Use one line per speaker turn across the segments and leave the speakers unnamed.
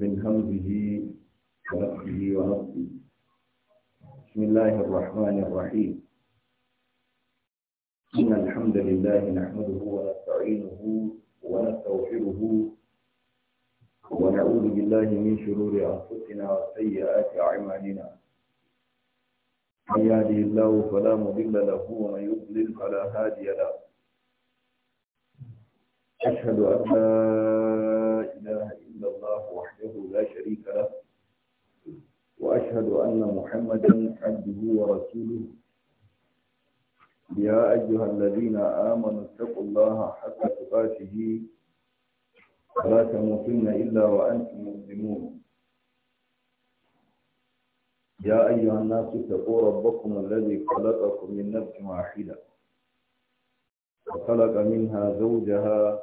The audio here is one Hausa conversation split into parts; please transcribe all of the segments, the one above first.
من همزه ونفسه ونفسه بسم الله الرحمن الرحيم إن الحمد لله نحمده ونستعينه ونستغفره ونعوذ بالله من شرور أنفسنا وسيئات أعمالنا من يهده الله فلا مضل له ومن يضلل فلا هادي له أشهد أن لا إله إلا الله وحده لا شريك له وأشهد أن محمدا عبده ورسوله يا أيها الذين آمنوا اتقوا الله حتى تقاته ولا تموتن إلا وأنتم مسلمون يا أيها الناس اتقوا ربكم الذي خلقكم من نفس واحدة وخلق منها زوجها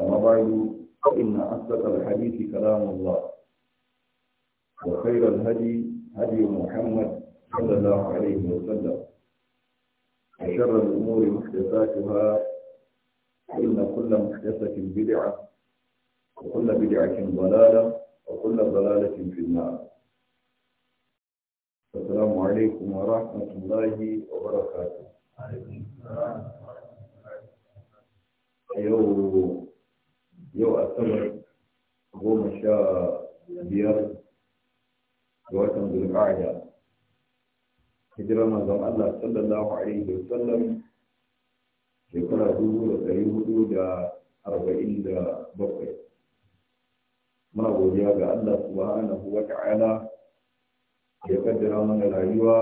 أما بعد فإن أصدق الحديث كلام الله وخير الهدي هدي محمد صلى الله عليه وسلم وشر الأمور محدثاتها فإن كل محدثة بدعة وكل بدعة ضلالة وكل ضلالة في النار السلام عليكم ورحمة الله وبركاته. عليكم السلام ورحمة الله وبركاته. yau asabar goma sha biyar ga watan zulqa'ada hijirar manzon Allah sallallahu alaihi wa sallam shekara dubu da ɗari hudu da arba'in da bakwai muna godiya ga Allah subhanahu wa ta'ala ya kaddara mana rayuwa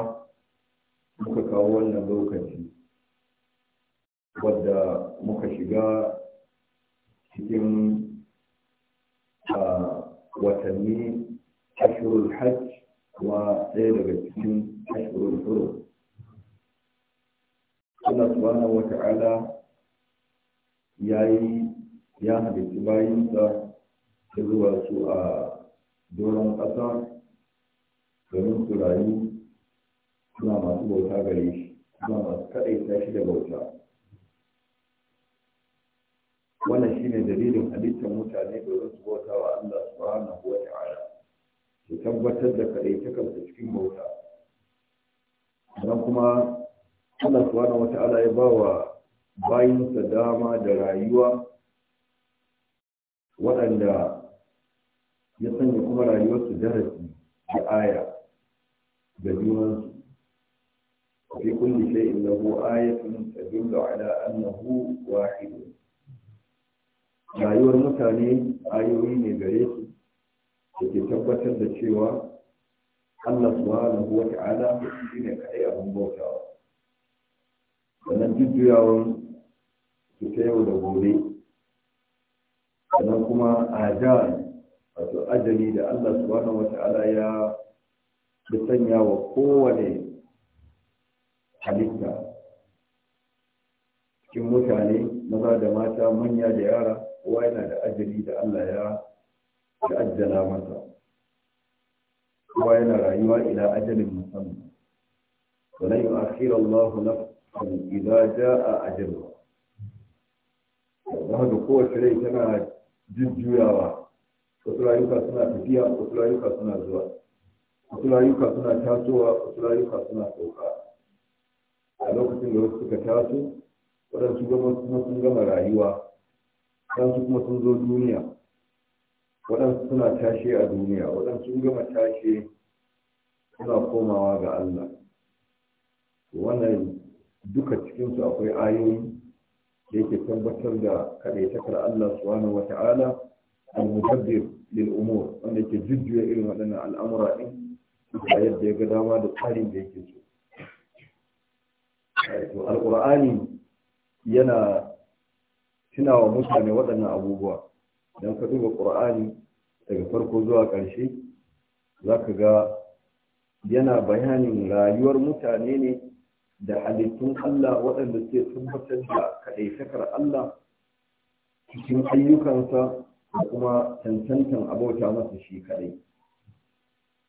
muka kawo wannan lokaci wadda muka shiga cikin watanni ashirul hajj kuma ɗaya daga cikin ashirul huru Allah subhanahu wa ta'ala ya yi ya halitti bayansa ta zuba su a doron ƙasa domin su rayu suna masu bauta gare shi suna masu kaɗaita shi da bauta wannan shine dalilin halittar mutane domin su bauta wa Allah subhanahu wa ta'ala su tabbatar da kaɗaitakan su cikin bauta don kuma Allah subhanahu wa ta'ala ya ba wa bayinsa dama da rayuwa waɗanda ya sanya kuma rayuwarsu darasi da aya da junansu fi kulli shay'in lahu ayatun tadullu ala annahu wahidun rayuwar mutane ayoyi ne gare su da ke tabbatar da cewa Allah subhanahu wa ta'ala shi ne kaɗai abin bautawa sannan jujjuyawan su ta yau da gobe sannan kuma ajar wato ajali da Allah subhanahu wa ala ya sanya wa kowane halitta cikin mutane maza da mata manya da yara kowa yana da ajali da Allah ya ajjala masa kowa yana rayuwa ila ajalin musamman wala yu'akhiru Allahu nafsan idza jaa ajaluha da haka kowace rai tana jujjuyawa wasu rayuka suna tafiya wasu rayuka suna zuwa wasu rayuka suna tasowa wasu rayuka suna sauka a lokacin da wasu suka taso waɗansu gama sun gama rayuwa waɗansu kuma sun zo duniya waɗansu suna tashe a duniya waɗansu sun gama tashe suna komawa ga Allah wannan duka cikinsu akwai ayoyi da yake tabbatar da kaɗaitakar Allah subhanahu wa ta'ala al-mudabbir lil umur wanda yake jujjuya irin waɗannan al'amura din a yadda ya ga dama da tsarin da yake so to alqur'ani yana tuna wa mutane waɗannan abubuwa don ka duba ƙur'ani daga farko zuwa ƙarshe za ka ga yana bayanin rayuwar mutane ne da halittun Allah waɗanda ke tabbatar da kaɗaitakar Allah cikin ayyukansa da kuma cancantan abota masa shi kaɗai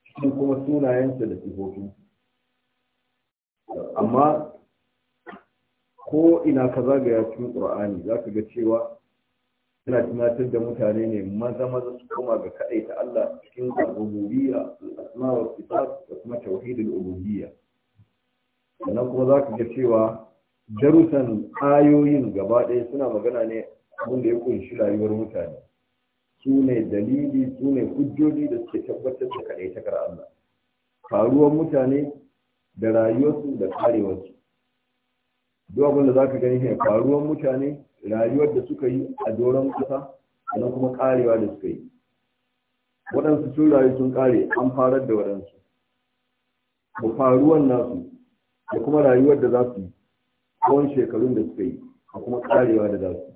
cikin kuma sunayensa da sifofinsa amma ko ina ka zagaya cikin qur'ani ka ga cewa yana tunatar da mutane ne maza maza su koma ga kaɗai ta Allah cikin rububiyya al-asma wa sifat da kuma tauhidul ubudiyya sannan kuma ka ga cewa darusan ayoyin gaba ɗaya suna magana ne abin da ya ƙunshi rayuwar mutane su ne dalili su ne hujjoji da suke tabbatar da kaɗai kaɗaitakar Allah faruwar mutane da rayuwarsu da karewarsu duk abin za ka gani shi faruwar mutane rayuwar da suka yi a doron kasa sannan kuma karewa da suka yi waɗansu sun rayu sun kare an farar da waɗansu da faruwar nasu da kuma rayuwar da za su yi tsawon shekarun da suka yi a kuma karewa da za su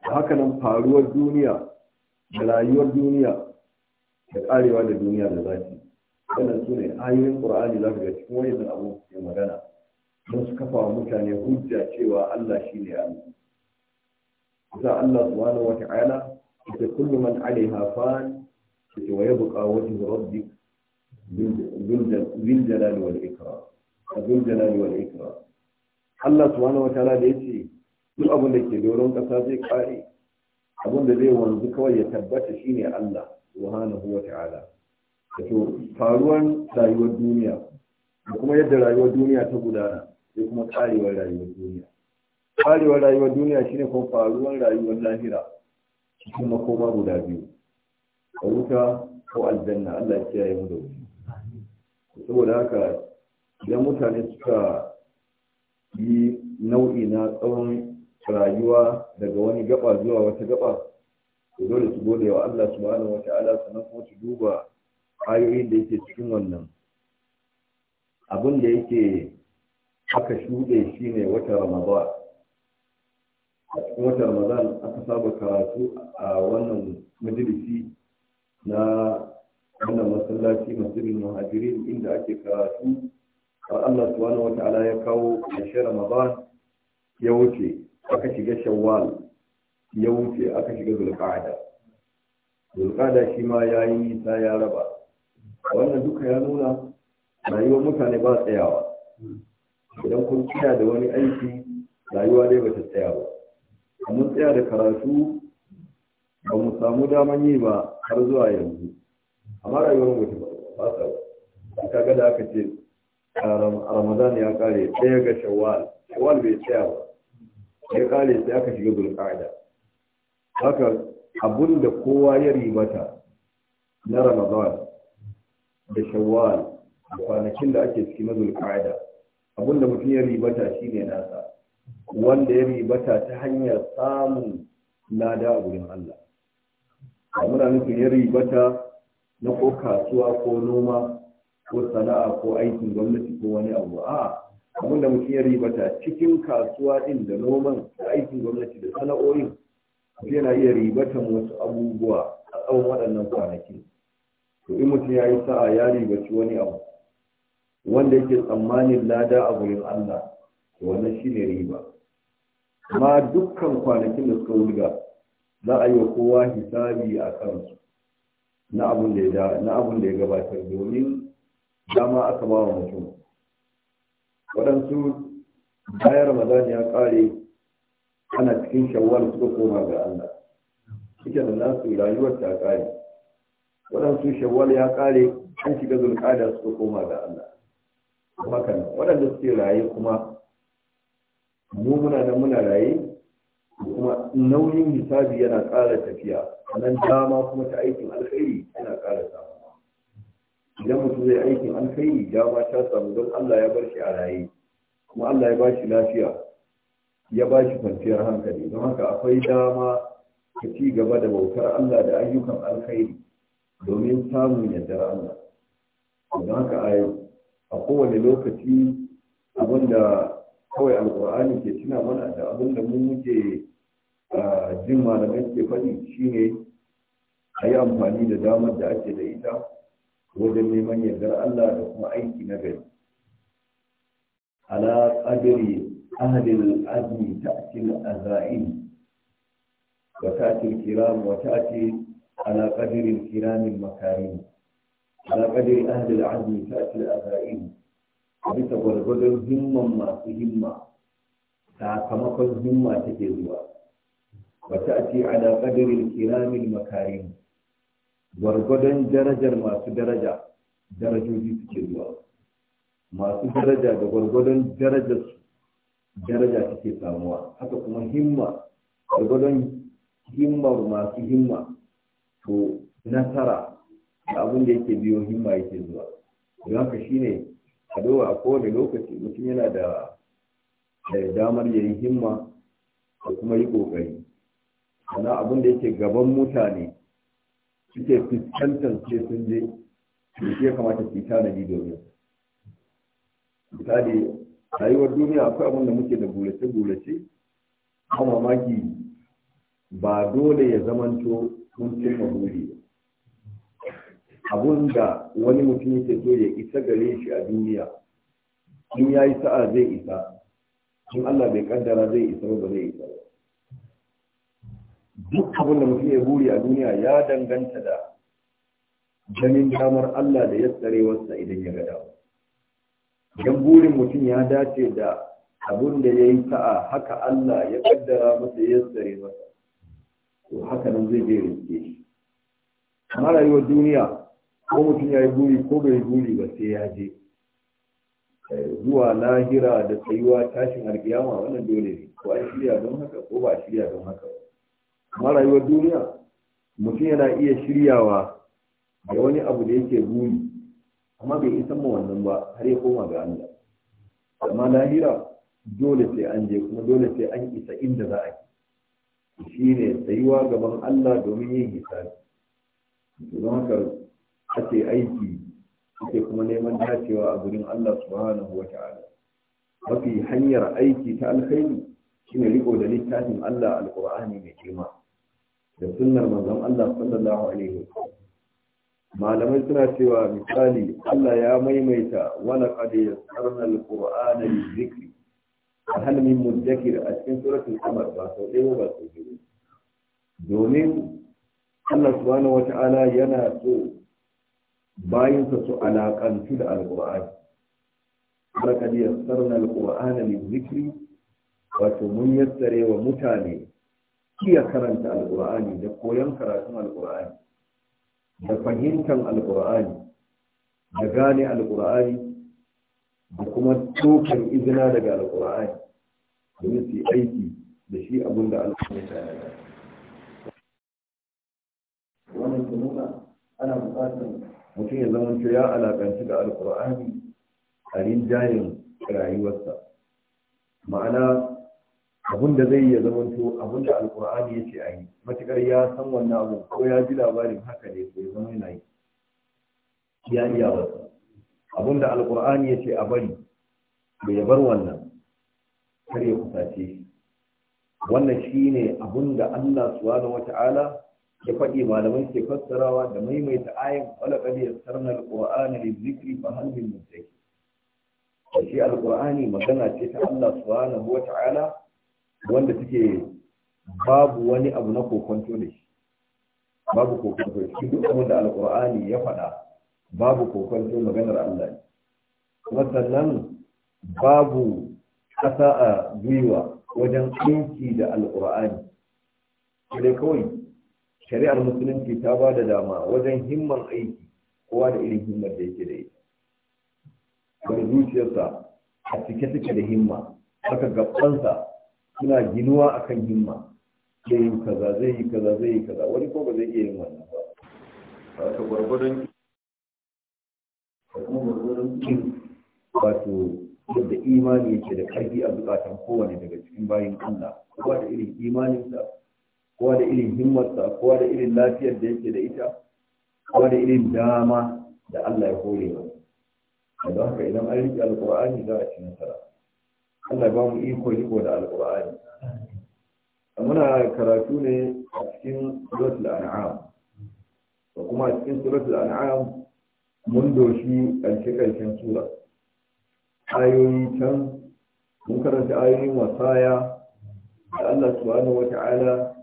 haka nan faruwar duniya da rayuwar duniya da karewa da duniya da za su yi wannan su ne ayoyin ƙur'ani za ka ga cikin wani abu mai magana don su kafa wa mutane hujja cewa Allah shi ne Allah. Za Allah subhanahu wata ta'ala ita kullu man alaiha fan ita wa yabqa wajhu rabbik bil jalali wal ikram. Bil jalali wal Ikra. Allah subhanahu wata ala da ya ce, duk abin da ke doron ƙasa zai kare abin da zai wanzu kawai ya tabbata shi ne Allah subhanahu wa ta'ala. Wato faruwan rayuwar duniya da kuma yadda rayuwar duniya ta gudana sai kuma karewar rayuwar duniya tsarewar rayuwar duniya shine kuma faruwar rayuwar lahira cikin makoma guda biyu a wuta ko aljanna Allah ya kiyaye mu da wuce saboda haka idan mutane suka yi nau'i na tsawon rayuwa daga wani gaba zuwa wata gaba to dole su gode wa Allah subhanahu wataala sannan kuma su duba ayoyin da yake cikin wannan abin da yake aka shuɗe shi ne wata ramadan a cikin wata ramadan aka saba karatu a wannan majalisi na wannan masallaci masirin muhajirin inda ake karatu har Allah subhanahu wata'ala ya kawo shi ramadan ya wuce aka shiga shawwal ya wuce aka shiga zulqa'ada zulqa'ada shi ma yayi nisa ya raba wannan duka ya nuna rayuwar mutane ba tsayawa idan kun tsaya da wani aiki rayuwa dai ba ta tsaya ba amma tsaya da karatu ba mu samu daman yi ba har zuwa yanzu amma rayuwar mu ta ta ba ka da aka ce ramadan ya kare ɗaya ga shawwal shawwal bai tsaya ba ya kare sai aka shiga zulqa'da haka abun da kowa ya ribata na ramadan da shawwal a kwanakin da ake ciki na zulqa'da da mutum ya ribata shi ne nasa wanda ya ribata ta hanyar samun lada a wurin Allah a muna nufin ya ribata na ko kasuwa ko noma ko sana'a ko aikin gwamnati ko wani abu a da mutum ya ribata cikin kasuwa ɗin da noman da aikin gwamnati da sana'o'in yana iya ribata wasu abubuwa a tsawon waɗannan kwanaki to in mutum ya yi sa'a ya ribaci wani abu wanda yake tsammanin lada a gurin Allah wannan shi ne riba ma dukkan kwanakin da suka wurga za a yi wa kowa hisabi a kansu na abin da ya gabatar domin dama aka ba wa mutum waɗansu bayan ramadan ya ƙare ana cikin shawwal suka koma ga Allah suke da nasu rayuwar ta ƙare waɗansu shawar ya ƙare an shiga zulƙada suka koma ga Allah hakan waɗanda suke raye kuma mu muna nan muna raye kuma nauyin hisabi yana ƙara tafiya nan dama kuma ta aikin alkhairi yana ƙara samuwa idan mutum zai aikin alkhairi dama ta samu don Allah ya bar shi a raye kuma Allah ya ba shi lafiya ya ba shi kwanciyar hankali don haka akwai dama ka ci gaba da bautar Allah da ayyukan alkhairi domin samun yadda Allah don haka a a kowane lokaci abinda kawai alkur'ani ke tuna mana da abinda mu muke jin malamai ke faɗi shine a yi amfani da damar da ake da ita wajen neman yardar Allah da kuma aiki na gari ala qadri ahalin azmi ta al-azain wa ta'ti kiram wa ta'ti ala qadri al-kiram على قدر أهل العزم فأكل آبائهم bisa gwargwadon himman masu himma sakamakon himma take zuwa wata a ce ala kadirin kiramin makarin gwargwadon darajar masu daraja darajoji suke zuwa masu daraja da gwargwadon darajar su daraja samuwa haka kuma himma gwargwadon himmar masu himma to nasara da abin da yake biyo himma yake zuwa don haka shine a dowa a kowane lokaci mutum yana da damar yayi himma da kuma yi kokari ana abin da yake gaban mutane suke fuskantar ce sun je da ya kamata su yi tanadi domin misali rayuwar duniya akwai abin da muke da gulace-gulace a mamaki ba dole ya zamanto mun cimma buri ba abun da wani mutum yake so ya isa gare shi a duniya in ya yi sa'a zai isa in Allah bai kaddara zai isa ba zai isa ba. duk abin da mutum ya buri a duniya ya danganta da ganin damar Allah da ya tsare wasa idan ya gada idan burin mutum ya dace da abin da ya yi sa'a haka Allah ya kaddara masa ya tsare masa to haka nan zai je riske shi kamar rayuwar duniya ko mutum ya yi buri ko bai buri ba sai ya je eh, zuwa lahira da tsayuwa tashin alkiyama wannan dole ne ko an shirya don haka ko ba a shirya don haka amma rayuwar duniya mutum yana iya shiryawa da wani abu da yake buri amma bai isan ma wannan ba har ya koma ga Allah amma lahira dole sai an je kuma dole sai an isa inda za a yi ne tsayuwa gaban Allah domin yin hisabi don haka ake aiki suke kuma neman dacewa a gurin Allah subhanahu wa ta'ala mafi hanyar aiki ta alkhairi shine riko da littafin Allah alqur'ani mai girma da sunnar manzon Allah sallallahu alaihi malamai suna cewa misali Allah ya maimaita wala qad yassarna alqur'ana lizikri hal min mudakkir a cikin suratul qamar ba sau ɗaya ba sau biyu domin Allah subhanahu wa ta'ala yana so bayinsa su alaƙantu da alƙur'ani harkar yassar na alƙur'ani mai zikiri wato mun yassare wa mutane iya karanta alƙur'ani da koyon karatun alƙur'ani da fahimtar alƙur'ani da gane alƙur'ani da kuma tokar izina daga alƙur'ani domin su aiki da shi abin da alƙur'ani ta yi wannan ana buƙatar mutum ya zama ya alakanci da alkur'ani a rinjayen rayuwarsa ma'ana abun da zai ya zamanto abun da alƙur'ani ya ce a yi matukar ya san wannan abu ko ya ji labarin haka ne ko ya zama yana yi ya iya wasu abun da ya ce a bari bai bar wannan kar ya kusace shi wannan shine abun da Allah da wata'ala ya faɗi malamai ke fassarawa da maimaita ayin ƙwalaƙar ya sarnar ƙwa'ani da zikri ba hannun mutaki da shi alƙwa'ani magana ce ta Allah subhanahu wa ta'ala wanda take babu wani abu na kokonto da shi babu kokonto shi duk wanda da alƙwa'ani ya faɗa babu kokonto maganar Allah ne kuma sannan babu ƙasa a gwiwa wajen aiki da alƙur'ani sai kawai shari'ar musulunci ta ba da dama wajen himman aiki kowa da irin himmar da yake da ita bari zuciyarsa a cike take da himma haka gabansa suna ginuwa akan himma zai yi kaza zai yi kaza zai yi kaza wani ko ba zai iya yin wannan ba haka gwargwadon wato yadda imani yake da karfi a zukatan kowane daga cikin bayan Allah kowa da irin imaninsa kowa da irin himmarsa kowa da irin lafiyar da yake da ita kowa da irin dama da Allah ya kore ba don haka idan an riƙe alƙur'ani za a ci nasara Allah ba mu iko riko da alƙur'ani muna karatu ne a cikin suratul an'am da kuma a cikin suratul an'am mun doshi ƙarshe ƙarshen sura ayoyi can mun karanta ayoyin wasaya da Allah subhanahu wata'ala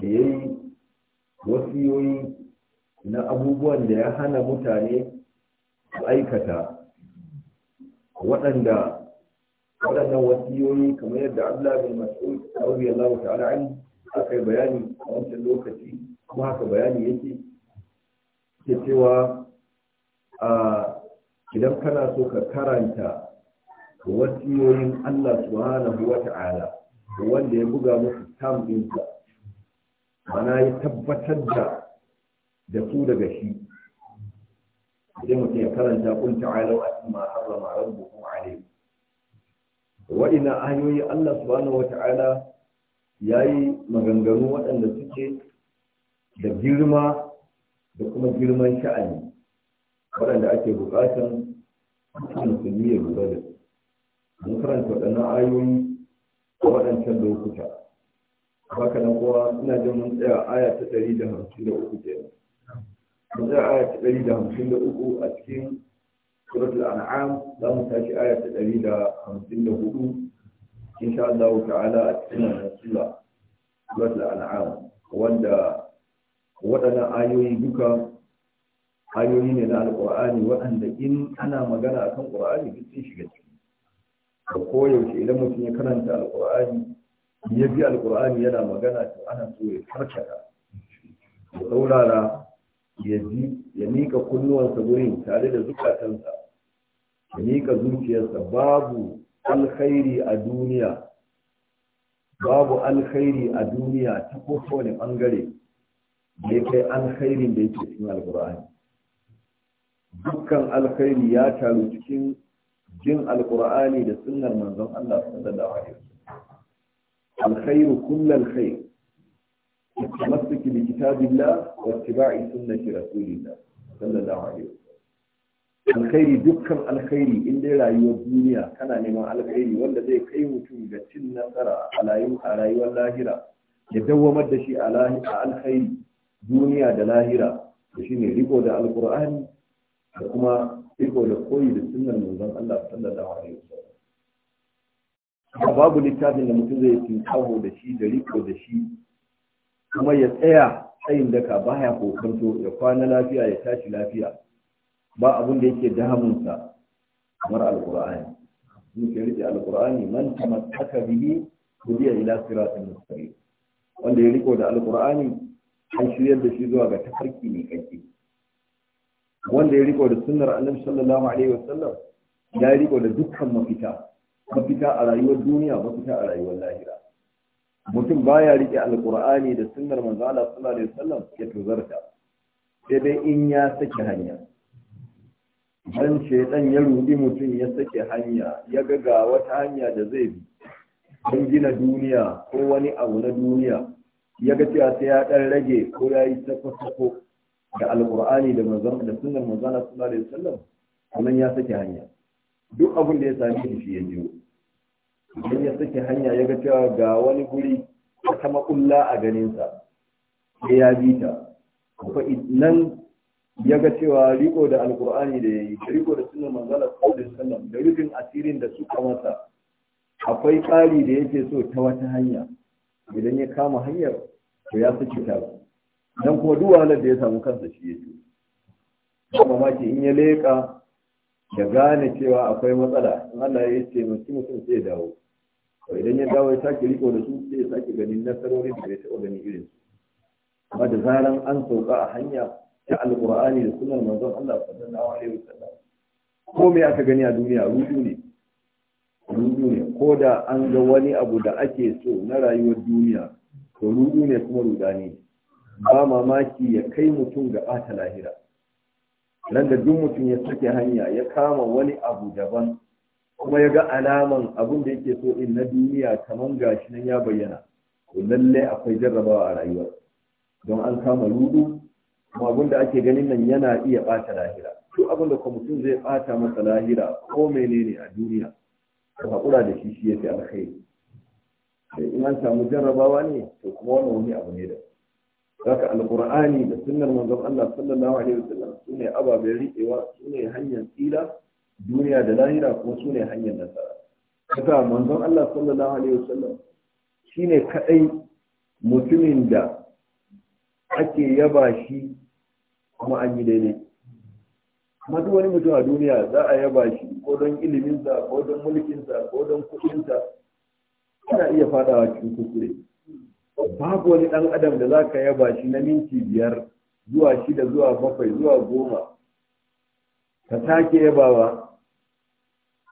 da ya yi wasiyoyi na abubuwan da ya hana mutane su aikata waɗanda waɗannan wasiyoyi kamar yadda Allah bin Mas'ud wa ta'ala an aka bayani a wancan lokaci kuma haka bayani yake ke cewa a idan kana so ka karanta wasiyoyin Allah subhanahu wa ta'ala wanda ya buga musu tam mana ya tabbatar da da su daga shi idan mutum ya karanta kun ta'alau a cikin ma harrama rabbukum alayhi wa'ina ayoyi Allah subhanahu wata'ala yayi maganganu waɗanda suke da girma da kuma girman sha'ani waɗanda ake buƙatan musulmi ya lura da su mun karanta waɗannan ayoyi a waɗancan lokuta haka nan kuwa, ina jin mun tsaya aya ta ɗari da hamsin da uku kenan mun tsaya aya ta ɗari da hamsin da uku a cikin suratul an'am za mu tashi aya ta ɗari da hamsin da hudu insha Allah ta'ala a cikin wannan sura suratul an'am wanda waɗannan ayoyi duka ayoyi ne na alƙur'ani waɗanda in ana magana akan ƙur'ani duk sun shiga ciki da koyaushe idan mutum ya karanta alƙur'ani ya bi alkur'ani yana magana to ana so ya karkata ya saurara ya ji ya mika kunnuwansa gurin tare da zukatansa ya mika zuciyarsa babu alkhairi a duniya babu alkhairi a duniya ta kowane bangare da kai alkhairin da yake cikin alkur'ani dukkan alkhairi ya taru cikin jin alkur'ani da sunnar manzon Allah sallallahu alaihi wasallam الخير كل الخير التمسك بكتاب الله واتباع سنة رسول الله صلى الله عليه وسلم alkhairi dukkan alkhairi in dai rayuwar duniya kana neman alkairi wanda zai kai mutum ga cin nasara a rayuwar lahira ya dawwamar da shi a alkhairi duniya da lahira da shi ne riko da alkur'ani da kuma riko da koyi da sunan manzon Allah sallallahu alaihi wasallam babu littafin da mutum zai cin kawo da shi da riko da shi kuma ya tsaya tsayin daka baya kokanto ya kwana lafiya ya tashi lafiya ba abin da yake damunsa kamar alkur'ani mun ke rike alkur'ani man tamattaka bihi hudiya ila siratin mustaqim wanda ya riko da alkur'ani an shiryar da shi zuwa ga tafarki mai kanki wanda ya riko da sunnar annabi sallallahu alaihi wasallam ya riko da dukkan mafita mafita a rayuwar duniya mafita a rayuwar lahira mutum baya rike alkur'ani da sunnar manzo Allah sallallahu alaihi wasallam ya tuzarta sai dai in ya saki hanya dan shaytan ya rudi mutum ya saki hanya ya ga ga wata hanya da zai bi don gina duniya ko wani abu na duniya ya ga cewa sai ya dan rage ko ya yi tafasako da alkur'ani da manzo da sunnar manzo Allah sallallahu alaihi wasallam kuma ya saki hanya duk abin da ya sami shi ya jiyo idan ya sake hanya ya ga cewa ga wani guri ta maƙulla a ganinsa sai ya bi ta nan ya ga cewa riko da alkur'ani da ya yi riko da sunan manzala da alaihi da rufin asirin da suka masa akwai tsari da yake so ta wata hanya idan ya kama hanyar to ya saki ta dan kuma duk wahalar da ya samu kansa shi ya yake kuma ke in ya leƙa. ya gane cewa akwai matsala in Allah ya ce mutum mutum sai dawo to idan ya dawo ya sake riko da su sai ya sake ganin nasarorin da ya taɓa ganin irin su amma da zaran an sauka a hanya ta alqur'ani da sunan manzon Allah sallallahu alaihi wasallam ko me aka gani a duniya rudu ne rudu ne ko da an ga wani abu da ake so na rayuwar duniya to rudu ne kuma rudani ba mamaki ya kai mutum ga ɓata lahira nan da duk mutum ya sake hanya ya kama wani abu daban kuma ya ga alaman abin da yake so in na duniya kaman gashi nan ya bayyana to lalle akwai jarrabawa a rayuwar don an kama ludu kuma abin da ake ganin nan yana iya bata lahira duk abin da mutum zai bata masa lahira ko menene a duniya to haƙura da shi shi ya fi alkhairi in an samu jarrabawa ne to kuma wani wani abu ne da haka alqur'ani da sunnar manzon Allah sallallahu alaihi wasallam sune ababen riƙewa sune hanyar tsira duniya da lahira kuma sune hanyar nasara haka manzon Allah sallallahu alaihi wasallam shine kadai mutumin da ake yaba shi kuma an yi daidai Kuma duk wani mutum a duniya za a yaba shi ko don iliminsa ko don mulkinsa ko don kuɗinsa ana iya fadawa cikin kuskure babu wani dan adam da zaka yaba shi na minti biyar zuwa shida zuwa bakwai zuwa goma ka sake yabawa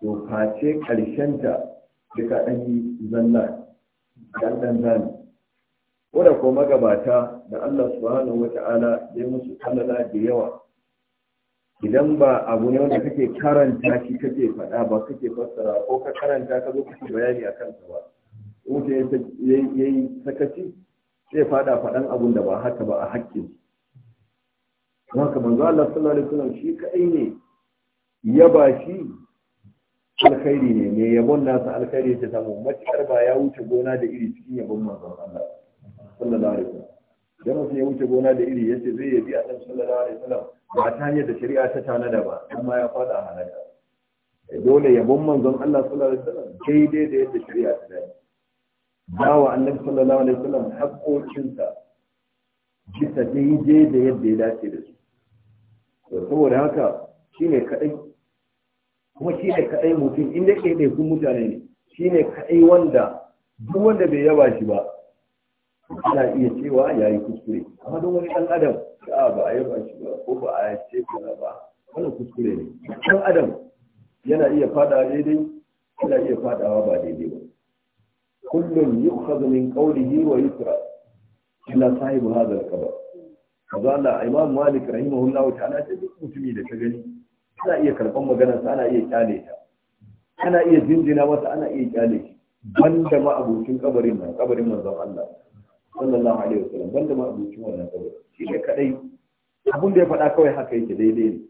to face ƙarshenta duka ɗan yi zalla ɗan ɗan zani wadda ko magabata da Allah subhanahu wa ta'ala ya musu kalala da yawa idan ba abu ne wanda kake karanta shi kake faɗa ba kake fassara ko ka karanta ka zo kake bayani a kansa ba wuce ya yi sakaci sai fada faɗan abun da ba haka ba a haƙƙin don haka manzo Allah sallallahu alaihi wasallam shi kaɗai ne ya ba shi alkhairi ne mai yabon nasa alkhairi ta samu matuƙar ba ya wuce gona da iri cikin yabon manzo Allah sallallahu alaihi wasallam idan mutum ya wuce gona da iri yace zai yabi Allah sallallahu alaihi wasallam ba ta hanyar da shari'a ta tanada ba amma ya fada halaka dole yabon manzon Allah sallallahu alaihi wasallam daidai da yadda shari'a ta tanada dawa annabi sallallahu alaihi wasallam haƙoƙinsa bisa daidai da yadda ya dace da su to saboda haka shine kadai kuma shine kadai mutum inda ke da kun mutane ne shine kadai wanda duk wanda bai yaba shi ba ana iya cewa yayi kuskure amma don wani dan adam a ba a yaba shi ba ko ba a ce kaza ba wani kuskure ne dan adam yana iya fada daidai yana iya faɗawa ba daidai ba kullum yukhadhu min qawlihi wa yusra illa sahibu hadha al-qabr kaza Allah Imam Malik rahimahullahu ta'ala ce duk mutumi da gani ana iya karban maganar ana iya kyale ta ana iya jinjina masa ana iya kyale shi banda ma abokin kabarin nan kabarin manzon Allah sallallahu alaihi wasallam banda ma abokin wannan kabarin shi ne kadai abin ya faɗa kawai haka yake daidai ne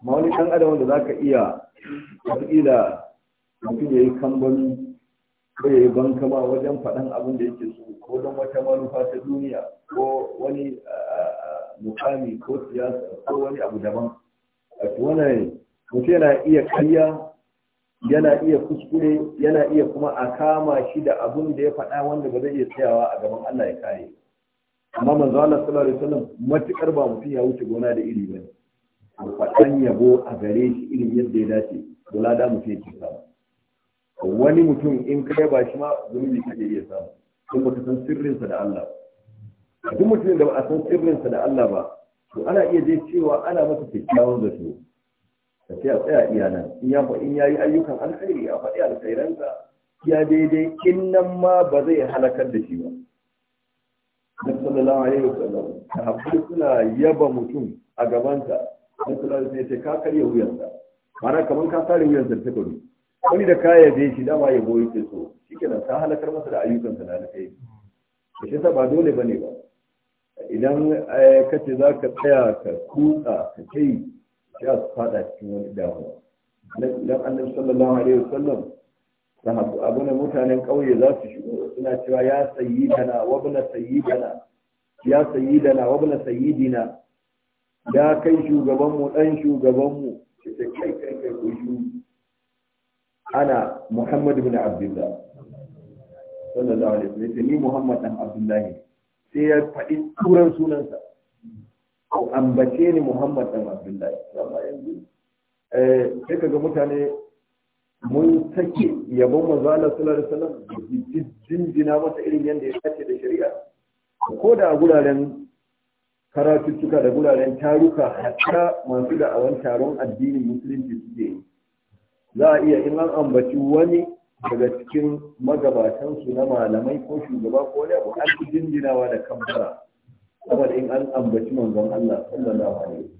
ma wani ɗan adam za ka iya wataƙila mutum ya yi kambani ko ya yi bankama wajen faɗan abin da yake so ko don wata manufa ta duniya ko wani mukami ko siyasa ko wani abu daban wannan mutum yana iya karya yana iya kuskure yana iya kuma a kama shi da abin da ya faɗa wanda ba zai iya tsayawa a gaban Allah ya kare amma manzo Allah sallallahu alaihi wasallam matukar ba mutum ya wuce gona da iri bane faɗan yabo a gare shi irin yadda ya dace wala da mutum yake ba. wani mutum in ka yaba shi ma zunubi kake iya samu ba ta san sirrinsa da Allah duk mutumin da ba a san sirrinsa da Allah ba to ana iya je cewa ana masa kyakkyawan zato ka ce a tsaya iya nan in ya in yi ayyukan alkhairi a faɗi alkhairansa ya daidai in nan ma ba zai halakar da shi ba Nabi sallallahu alaihi ta suna yaba mutum a gabanta, Nabi sallallahu alaihi wasallam ya ce ka karya wuyansa ma'ana kamar ka sare wuyansa ta gudu wani da kaya zai shi dama ya goyi ke so shi nan ta halakar masa da ayyukansa na alkai da shi ba dole ba ne ba idan eh, ka ce za ka tsaya ka kutsa ka kai ya su fada cikin wani damuwa idan nufi sallallahu alaihi wasallam ta haɗu abu na mutanen ƙauye za su shigo suna cewa ya sayi dana wabna sayi dana ya sayi dana wabna sayi dina ya kai shugabanmu ɗan shugabanmu ya ce kai kai kai ko shugabanmu ana muhammad bin abdullah sallallahu alaihi wasallam yace ni muhammad dan Abdullahi. sai ya faɗi turan sunansa ko ambace ni muhammad dan Abdullahi. sallallahu alaihi wasallam sai kaga mutane mun sake yabon manzo Allah sallallahu alaihi wasallam jinjina masa irin yadda ya dace da shari'a ko da guraren karatuttuka da guraren taruka hatta masu da'awan taron addinin musulunci suke za a iya in an ambaci wani daga cikin magabatansu na malamai ko shugaba ko wani abu an fi jinjinawa da kamfara saboda in an ambaci manzon Allah sallallahu alaihi wasallam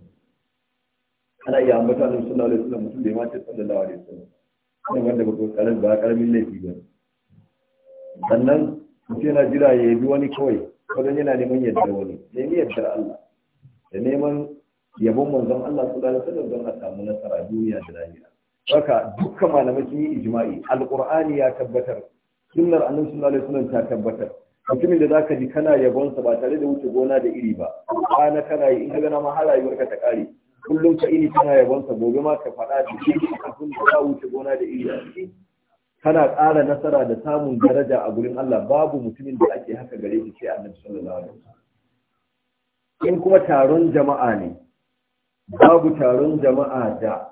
ana iya ambata Allah sallallahu alaihi wasallam mutum da ya mace sallallahu alaihi wasallam ne wanda ba ko karar ba karamin laifi ba sannan mutum yana jira ya bi wani kawai kodon yana neman yadda wani nemi yadda Allah da neman yabon manzon Allah sallallahu alaihi wasallam don a samu nasara duniya da lahira haka dukkan malamai sun yi ijma'i alqur'ani ya tabbatar sunnar annabi sallallahu alaihi wasallam ta tabbatar mutumin da zaka ji kana yabon sa ba tare da wuce gona da iri ba kana kana yi in ka ma har ta kare kullum ka iri kana yabon sa gobe ma ka faɗa da shi kafin ka wuce gona da iri a ciki kana ƙara nasara da samun daraja a gurin Allah babu mutumin da ake haka gare shi sai annabi sallallahu alaihi wasallam in kuma taron jama'a ne babu taron jama'a da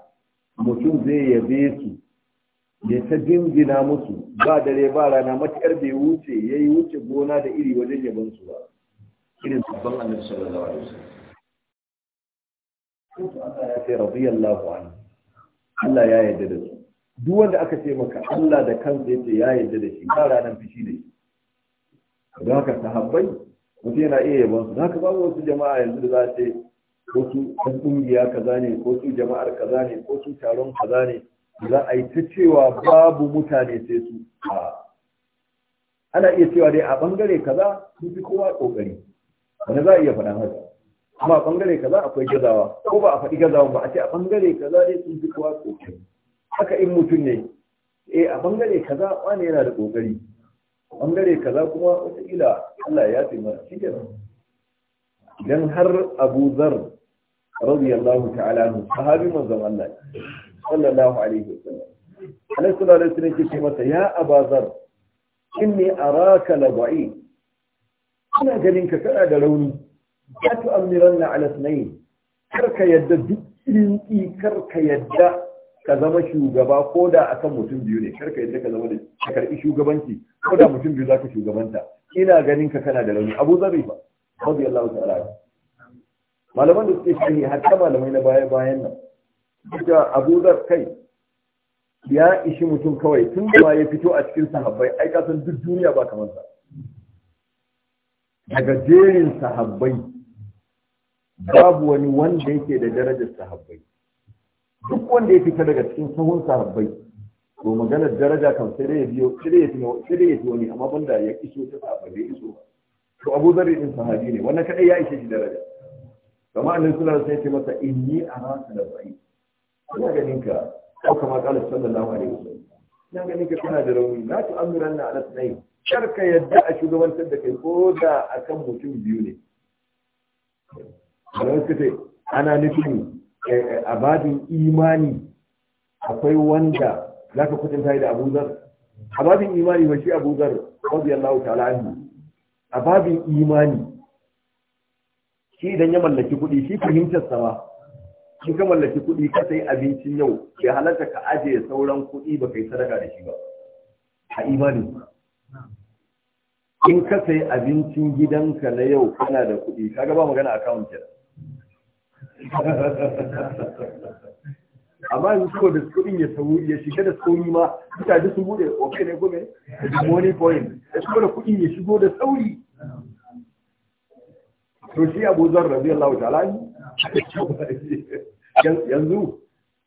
mutum zai yabe su ya ta dingina musu ba dare ba rana da bai wuce ya yi wuce gona da iri wajen yaban su ba irin babban annabi sallallahu alaihi wasallam Allah ya ce radiyallahu anhu Allah ya yarda da su duk wanda aka ce maka Allah da kansa yace ya yarda da shi ba ranan fishi da shi don haka sahabbai mutum yana iya yaban su haka babu wasu jama'a yanzu da za a ce ko su ɗan ƙungiya kaza ne ko su jama'ar kaza ne ko su taron kaza ne za a yi ta cewa babu mutane sai su ana iya cewa dai a bangare kaza sun fi kowa kokari wani za a iya faɗan haka amma a bangare kaza akwai gazawa ko ba a faɗi gazawa ba a ce a bangare kaza dai sun fi kowa kokari haka in mutum ne eh a bangare kaza wani yana da kokari bangare kaza kuma wataƙila Allah ya fi mana shi idan har Abu Zar radiyallahu ta'ala anhu sahabi manzon Allah sallallahu alaihi wasallam Allah sallallahu alaihi wasallam yake masa ya abazar inni araka la da'i ina ganin ka kana da rauni la tu'amiranna ala sunayn kar ka yadda duk ki kar ka yadda ka zama shugaba ko da akan mutum biyu ne kar ka yadda ka zama da ka karbi shugabanci ko da mutum biyu zaka shugabanta ina ganin ka kana da rauni Abu Zarri fa radiyallahu ta'ala malaman da suke shi hatta malamai na baya bayan nan duka abu da kai ya ishi mutum kawai tun da ya fito a cikin sahabbai ai ka san duk duniya ba kamar sa daga jerin sahabbai babu wani wanda yake da darajar sahabbai duk wanda ya fita daga cikin sahun sahabbai to maganar daraja kan sai dai ya biyo sai dai ya fi wani amma banda ya iso ta sahabbai bai iso to abu zarri din sahabi ne wannan kadai ya ishe shi daraja kama annabi suna da sai ce masa inni arasu da bai ina ganin ka ko kama kala sallallahu alaihi wasallam ina ganin ka kana da rauni la tu na ala tsayi sharka yadda a shugabantar da kai ko da akan mutum biyu ne Allah suka ce ana nufin eh, eh, a babin imani akwai wanda za ka kwatanta da abuzar Zar a babin imani ba shi Abu Zar radiyallahu ta'ala anhu a babin imani shi idan ya mallaki kuɗi shi fahimtar sa ba ka mallaki kuɗi ka sai abincin yau ya halarta ka ajiye sauran kuɗi ba kai sadaka da shi ba a imani in ka sai abincin gidanka na yau kana da kuɗi kaga ba magana kawon kenan amma yanzu da kuɗin ya sau ya shiga da sauri ma mutane sun bude ok ne gome da money point da saboda ya shigo da sauri to shi abu zan rabi Allah ta'ala yanzu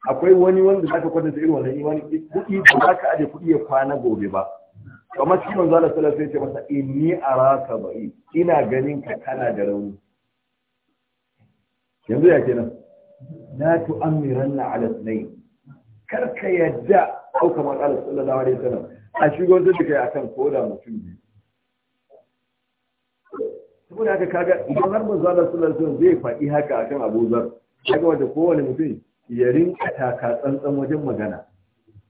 akwai wani wanda za ka kwatanta irin wannan imani kuɗi ba za ka aje kuɗi ya kwana gobe ba kamar shi manzo Allah sallallahu alaihi wasallam sai ya ce masa inni araka ba'i ina ganin ka kana da rauni yanzu ya kenan la tu'amiranna ala sunayn kar ka yadda au kamar Allah sallallahu alaihi wasallam a shigo da kai akan koda mutum biyu saboda haka kaga idan har manzo Allah sallallahu alaihi zai faɗi haka akan Abu Zar kaga wanda kowane mutum ya rinka taka tsantsan wajen magana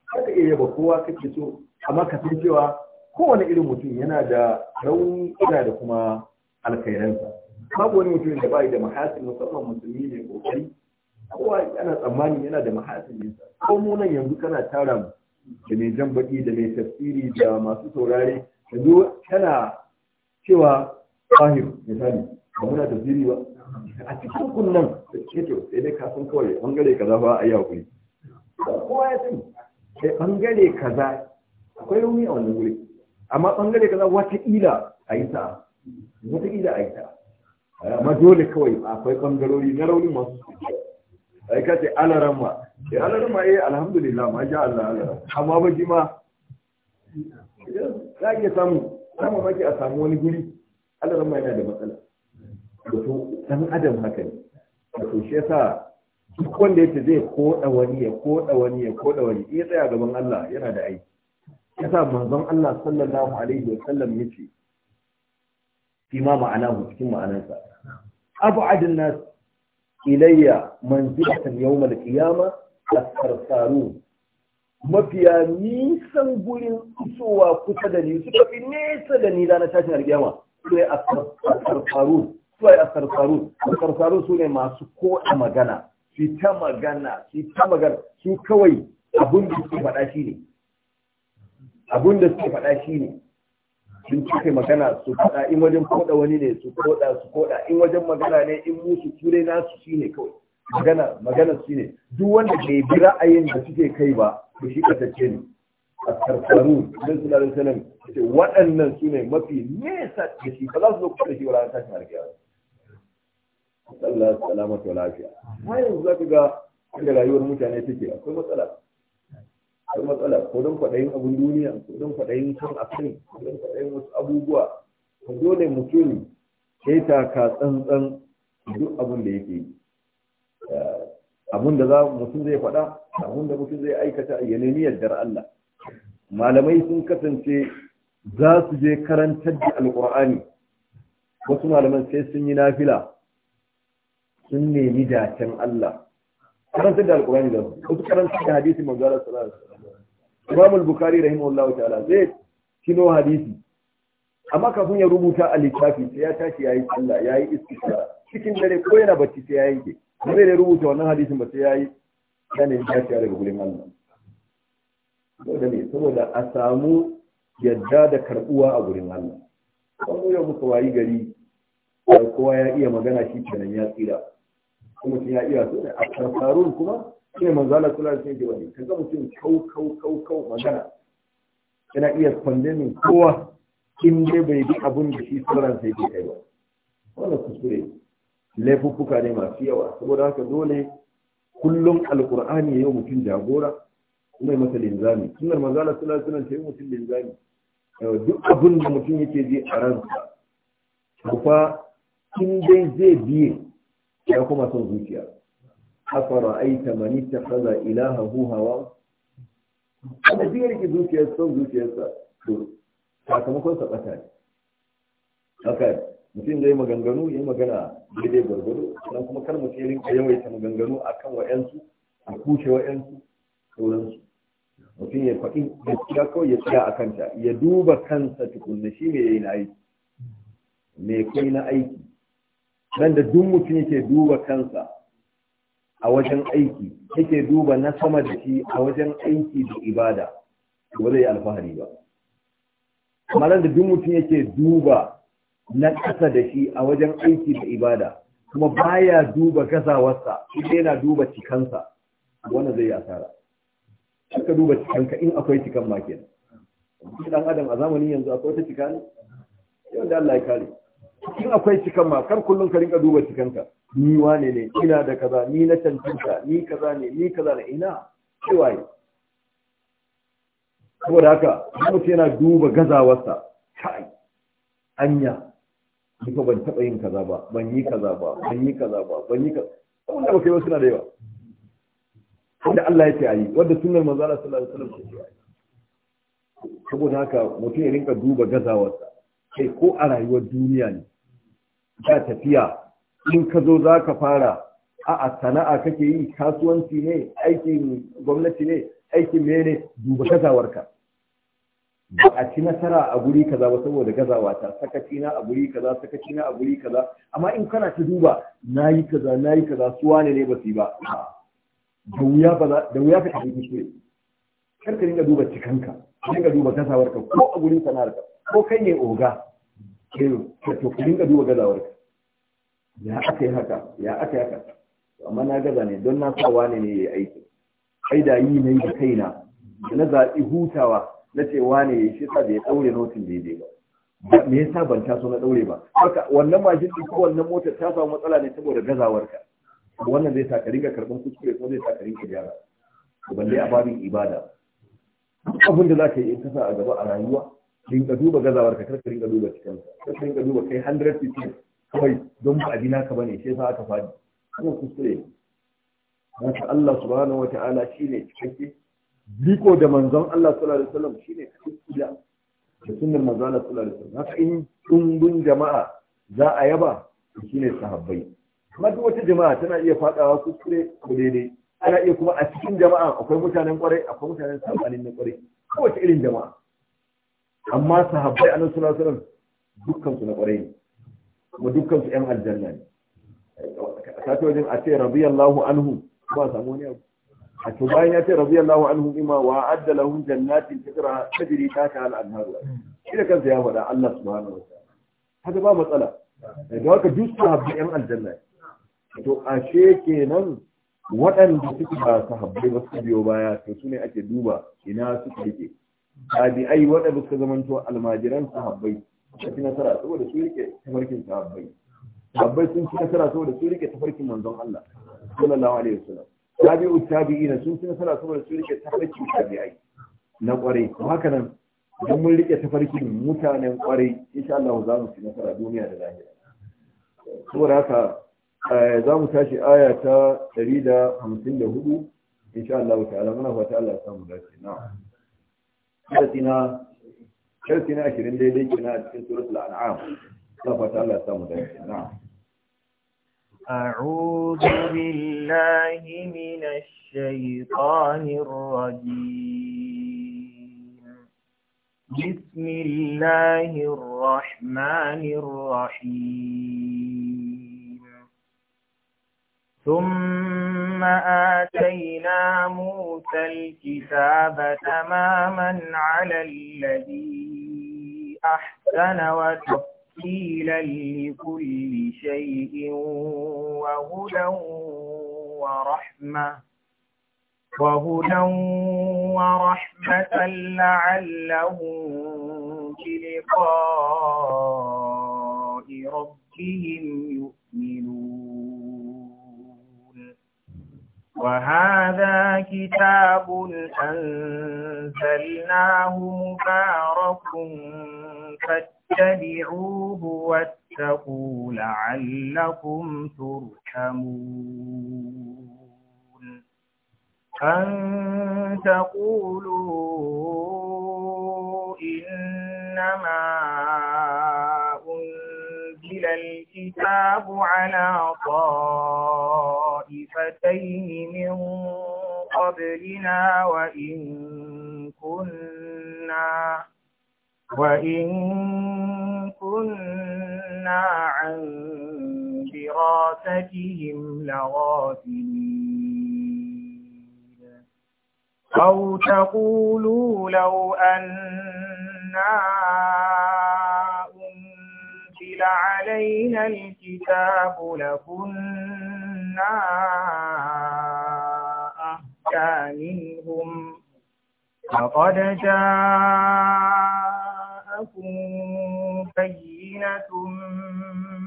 haka iya ba kowa kake so amma ka san cewa kowane irin mutum yana da rauni yana da kuma alkhairansa babu wani mutum da bai da mahasin musamman musulmi ne kokari kowa yana tsammani yana da mahasin ne ko mu nan yanzu kana tara mu da mai jan baki da mai tafsiri da masu saurare yanzu kana cewa fahir misali ba muna ziri ba a cikin kunnan da ke to sai dai kasan kawai bangare kaza ba a yi hakuri kowa ya sani sai bangare kaza akwai rauni a wannan wuri amma bangare kaza wataƙila a yi sa'a wataƙila a yi sa'a amma dole kawai akwai bangarori na rauni masu suke ka ce alaran ma eh alaran ma eh alhamdulillah ma sha Allah alaran amma ba ji ma ya ke samu samu maki a samu wani guri Allah ma yana da matsala wato dan adam haka ne wato shi yasa duk wanda yace zai koɗa wani ya koɗa wani ya koɗa wani in ya tsaya gaban Allah yana da aiki yasa manzon Allah sallallahu alaihi wa sallam yace fi ma ma'anahu cikin ma'anarsa ab'adun nas ilayya manzilatan yawm al kiyama as-sarsarun mafiya nisan gurin isowa kusa da ni suka
fi nesa da
ni ranar tashin alƙiyama sune asarfarun sune asarfarun asarfarun sune masu koda magana su ta magana su ta magana su kawai abun da suke faɗa shi ne abun da suke faɗa shi ne sun cike magana su faɗa in wajen koda wani ne su koda su koda in wajen magana ne in musu ture nasu shi ne kawai magana magana su ne duk wanda bai bi ra'ayin da suke kai ba to shi kasance ne a karkaru da su lalata sanin ce waɗannan su ne mafi nesa da shi ba za su lokuta da shi wala tashin harkiya ba. Allah salamat wa lafiya. Wai yanzu za ka ga inda rayuwar mutane take akwai matsala. Akwai matsala ko don kwaɗayin abin duniya ko don kwaɗayin kan afirin ko don kwaɗayin wasu abubuwa. Ka dole mutum ya yi tsantsan duk abin yake yi. Abin da mutum zai faɗa, abin da mutum zai aikata ya nemi yardar Allah. malamai sun kasance za su je karantar da alƙur'ani wasu malaman sai sun yi nafila sun nemi dacen Allah karantar da alƙur'ani da wasu karantar da hadisi manzo Allah sallallahu alaihi wasallam Imam al-Bukhari rahimahullahu ta'ala zai kino hadisi amma kafin ya rubuta a littafi sai ya tashi yayi sallah yayi istikhara cikin dare ko yana bacci sai ya yanke ba zai rubuta wannan hadisin ba sai yayi yana yin tashi daga gurin Allah saboda ne saboda a samu yadda da karbuwa a gurin Allah kuma yau muka wayi gari kowa ya iya magana shi kenan ya tsira kuma shi ya iya ne a karfarun kuma shi ne manzala kula da sai wani ka ga mutum kau kau kau kau magana yana iya kwandemin kowa in dai bai bi abun da shi sauran sai ke kai ba wannan kuskure laifuffuka ne masu yawa saboda haka dole kullum alkur'ani ya yi mutum jagora ina masa linzami sunar manzala suna suna ce mutum linzami duk abin da mutum yake ji a ransa kufa in dai zai biye ya kuma son zuciya afara aita mani ta kaza ilaha huhawa ana biye ki zuciyar son zuciyarsa to sakamakon sa bata ne haka mutum zai maganganu yi magana daidai gwargwado sannan kuma kar mutum ya rinka yawaita maganganu akan wa'yansu a kushe wa'yansu sauransu mutum ya faɗi gaskiya ko ya tsaya a kanta ya duba kansa tukunna shi ne ya aiki me kai na aiki nan da duk mutum yake duba kansa a wajen aiki yake duba na sama da shi a wajen aiki da ibada ba zai alfahari ba amma nan da duk mutum yake duba na ƙasa da shi a wajen aiki da ibada kuma baya duba gazawarsa shi yana duba cikansa wannan zai yi asara ka duba cikanka in akwai cikan ma kenan dan adam a zamani yanzu akwai ta cika ne yau da Allah ya kare in akwai cikan ma kar kullum ka rinka duba cikanka ni wane ne ina da kaza ni na cancanta ni kaza ne ni kaza ne ina cewa ne saboda haka mutum yana duba gazawarsa kai anya ni ban taba yin kaza ba ban yi kaza ba ban yi kaza ba ban yi kaza wanda ba kai wasu da yawa wanda Allah ya ce a yi wanda sunnar manzo Allah sallallahu alaihi wasallam ce ayi saboda haka mutum ya rinka duba gazawarsa kai ko a rayuwar duniya ne ka tafiya in ka zo za ka fara a'a sana'a kake yi kasuwanci ne aikin gwamnati ne aikin me ne duba gazawarka ba a ci nasara a guri kaza ba saboda gazawa ta sakaci na a guri kaza sakaci na a guri kaza amma in kana ta duba nayi kaza nayi kaza su wane ne ba su yi ba da wuya ba da wuya ka tafi kuskure kar ka dinga duba cikanka ka duba kasawarka ko a gurin sana'arka ko kai ne oga ke to ka dinga duba gazawarka ya aka yi haka ya aka yi haka amma na gaza ne don na sa wane ne ya yi aiki ai da yi na yi da kaina da na zaɓi hutawa na ce wane ya shi sa da ya ɗaure notin daidai ba me yasa ban taso na ɗaure ba haka wannan mashin ko wannan motar ta samu matsala ne saboda gazawarka wannan zai sa ringa karɓar kuskure ko zai sa ringa gyara to balle a babin ibada abin da za ka yi in kasa a gaba a rayuwa ringa duba gazawar ka karka ringa duba cikin ka ringa duba kai 100% kawai don ba abin ka bane shi yasa aka fadi wannan kuskure ne Masha Allah subhanahu wataala shine cikakke biko da manzon Allah sallallahu alaihi wasallam shine cikakke da sunnar manzon Allah sallallahu alaihi wasallam haka in dumbin jama'a za a yaba shine sahabbai amma duk wata jama'a tana iya fadawa kuskure ko daidai ana iya kuma a cikin jama'a akwai mutanen kwarai akwai mutanen sabanin na kwarai kowace irin jama'a amma sahabbai annabi sallallahu alaihi wasallam dukkan su na kwarai ne kuma dukkan su yan aljanna ne a sace wajen a ce radiyallahu anhu ba samu ne abu a to bayan ya ce radiyallahu anhu bima wa adda lahum jannatin tajra tajri tahta al-anhar shi da kansa ya faɗa Allah subhanahu wa ta'ala haka ba matsala daga haka duk sahabbai yan aljanna ne to ashe kenan waɗanda suke ba sahabbai ba su biyo baya to su ne ake duba ina suka rike tabi'ai waɗanda suka zamanto almajiran sahabbai suka fi nasara saboda su rike tafarkin sahabbai sahabbai sun fi nasara saboda su rike tafarkin manzon Allah sallallahu alaihi wasallam tabi'u tabi'ina sun fi nasara saboda su rike tafarkin tabi'ai na kwarai haka nan idan mun rike tafarkin mutanen kwarai insha Allah za mu fi nasara duniya da lahira saboda haka Eh, za mu tashi aya ta 154 insha Allah ala muna fata Allah samu dace na sharti na ashirin daidai kina a cikin suratul an'am ta fata Allah samu dace na
أعوذ بالله من الشيطان الرجيم بسم الله الرحمن الرحيم ثم آتينا موسى الكتاب تماما على الذي أحسن وتفصيلا لكل شيء وهدى ورحمة وهدى ورحمة لعلهم بلقاء ربهم يؤمنون وهذا كتاب أنزلناه مبارك فاتبعوه واتقوا لعلكم ترحمون أن تقولوا إنما أنزلناه نزل الكتاب على طائفتين من قبلنا وإن كنا وإن كنا عن دراستهم لغافلين أو تقولوا لو أنا نزل علينا الكتاب لكنا أهدى منهم فقد جاءكم بينة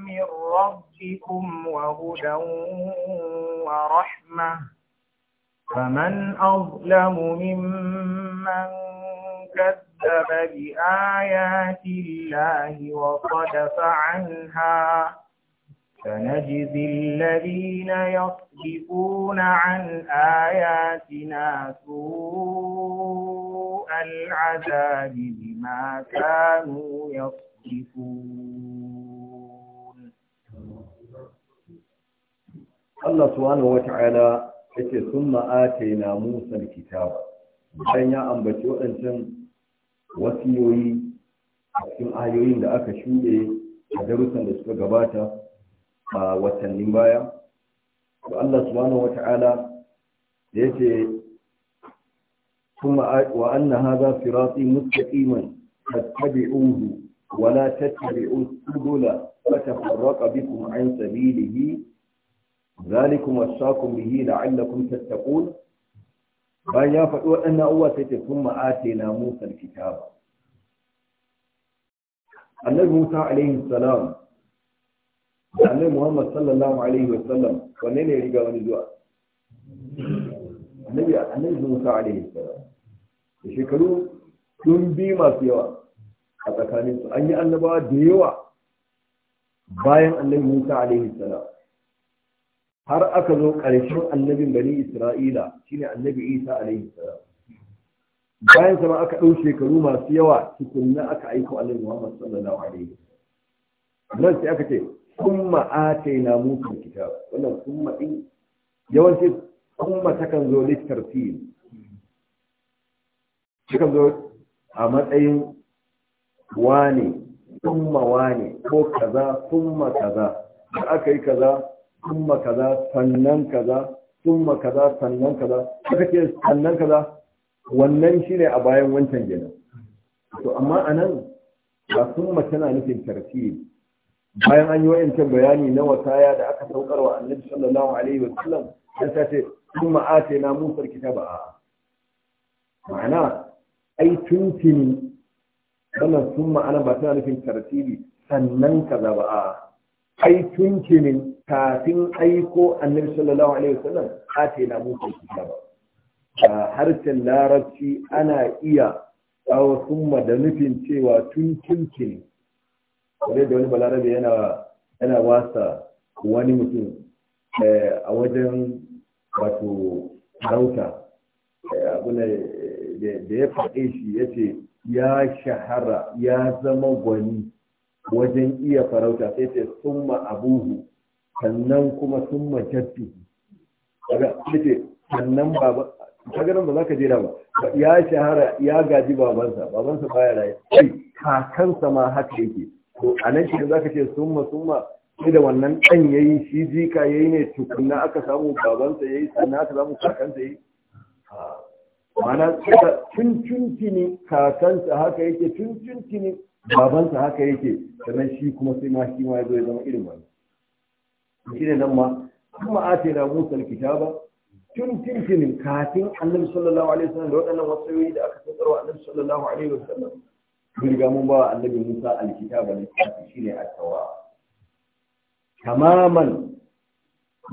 من ربكم وهدى ورحمة فمن أظلم ممن كذب كذب بآيات الله وصدف عنها فنجزي الذين يصدفون عن آياتنا سوء العذاب بما كانوا يصدفون
الله سبحانه وتعالى ثم آتينا موسى الكتاب musa kitaba bayan ya ambaci waɗancan wasiyoyi a cikin ayoyin da aka shuɗe a darussan da suka gabata a watannin baya to Allah subhanahu wata'ala da yace kuma wa anna hadha sirati mustaqiman fattabi'uhu wa la tattabi'u subula bi kuma an sabilihi ذلكم وصاكم به لعلكم tattakun. bayan ya faɗi waɗannan abubuwa sai ta sun ma'ate na musa kitaba annabi musa alaihi salam da annabi muhammad sallallahu alaihi wa sallam wanne ne riga wani zuwa annabi annabi musa alaihi salam da shekaru sun bi masu yawa a tsakaninsu an yi annabawa da yawa bayan annabi musa alaihi salam har aka zo ƙarshen annabin bani isra'ila shine annabi isa alaihi salam bayan sama aka ɗau shekaru masu yawa tukunna aka aiko annabi muhammad sallallahu alaihi nan sai aka ce kuma na musu kitab wannan kuma ɗin? yawanci kuma takan zo litartil takan zo a matsayin wane kuma wane ko kaza kuma kaza da aka yi kaza thumma kaza sannan kaza thumma kaza sannan kaza haka ce sannan kaza wannan shine a bayan wancan gina to amma anan ba thumma tana nufin tartib bayan an yi wayancan bayani na wasaya da aka saukar wa annabi sallallahu alaihi wa sallam sai ta ce thumma atina musa kitaba ma'ana ai tuntuni wannan thumma ana ba tana nufin tartibi sannan kaza ba a'a ai tuntunin kafin aiko annabi sallallahu alaihi wasallam ate na muku kitaba a harshen larabci ana iya kawo summa da nufin cewa tun tuntunin da wani balarabe yana yana wasa wani mutum eh, a wajen wato rauta eh, abuna da ya faɗe shi ya ce ya shahara ya zama gwani wajen iya farauta sai ce summa abuhu sannan kuma summa jaddu kaga ce sannan baba kaga nan ba za ka je ba ya shahara ya gaji babansa babansa baya raye kai kakansa ma haka yake to a nan shi za ka ce summa summa sai da wannan ɗan ya yi shi jika ya yi ne tukunna aka samu babansa ya yi sannan aka samu kakansa ya yi mana tun tuntuni kakansa haka yake tun tuntuni babansa haka yake sannan shi kuma sai ma shi ma ya zo ya zama irin wani shi ne nan ma kuma a ce na musa kitaba tun tintinin kafin annabi sallallahu alaihi wasallam da waɗannan wasayoyi da aka tsarwa annabi sallallahu alaihi wasallam mun riga mun ba annabi musa alkitaba ne shi ne at-taura tamaman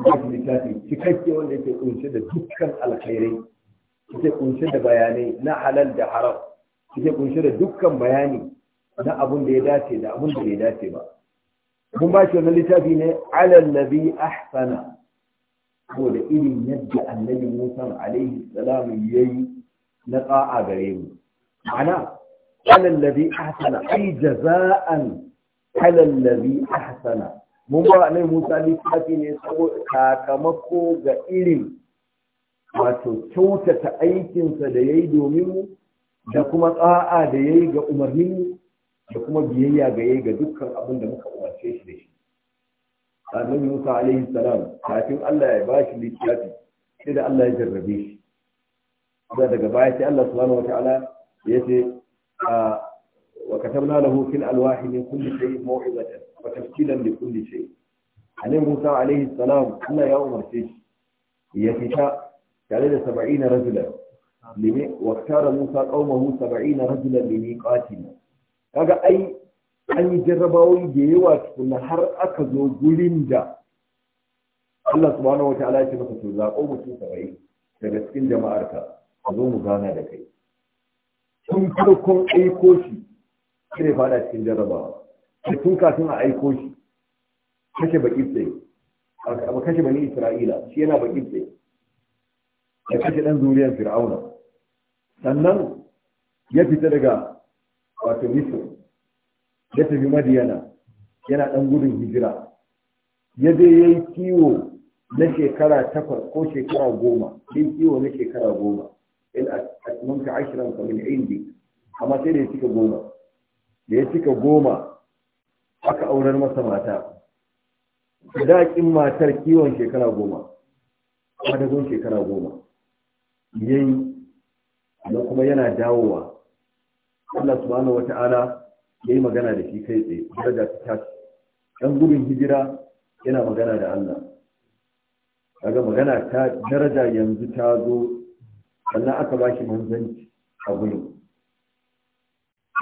wasu littafin cikakke wanda yake kunshe da dukkan alkhairai yake kunshe da bayanai na halal da haram yake kunshe da dukkan bayani na abun da ya dace da abun da bai dace ba mun ba shi wannan littafi ne alallabi ahsana ko da irin yadda annabi musa alaihi salam yayi na ƙa'a gare mu ma'ana alallabi ahsana ai jaza'an alallabi ahsana mun ba annabi musa littafi ne sakamako ga irin wato kyautata aikinsa da yayi domin mu da kuma ƙa'a da yayi ga umarnin da kuma biyayya ga yayi ga dukkan abin da muka umarce shi da shi annabi Musa alaihi salam kafin Allah ya bashi littafi sai da Allah ya jarrabe shi da daga baya sai Allah subhanahu wataala ya ce wa katabna lahu fil alwahi min kulli shay'in maw'izatan wa tafsilan li kulli shay annabi Musa alaihi salam Allah ya umarce shi ya fita tare da 70 rajulan limi wa tara Musa qaumahu 70 rajulan limi qatina kaga ai an yi jarrabawoyi da yawa tukuna har aka zo gurin da Allah subhanahu wa ya ce maka to zaɓo mutum saba'i daga cikin jama'ar ka zo mu gana da kai tun farkon aiko shi kire fada cikin jarrabawa da tun kafin a aiko shi kashe baƙi tsaye a kashe bani isra'ila shi yana baƙi tsaye da kashe ɗan zuriyar fir'auna sannan ya fita daga wato Miso ya tafi madiyana yana ɗan gudun hijira ya zai yi kiwo na shekara takwas ko shekara goma Yin yi kiwo na shekara goma in atmanka ashirin ka indi amma sai da ya cika goma da ya cika goma aka aurar masa mata daƙin matar kiwon shekara goma kwadagon shekara goma yayi da kuma yana dawowa Allah subhanahu ta'ala ya yi magana da shi kai tsaye daraja ta tashi ɗan gudun hijira yana magana da Allah kaga magana ta daraja yanzu ta zo sannan aka ba shi manzanci a gudun.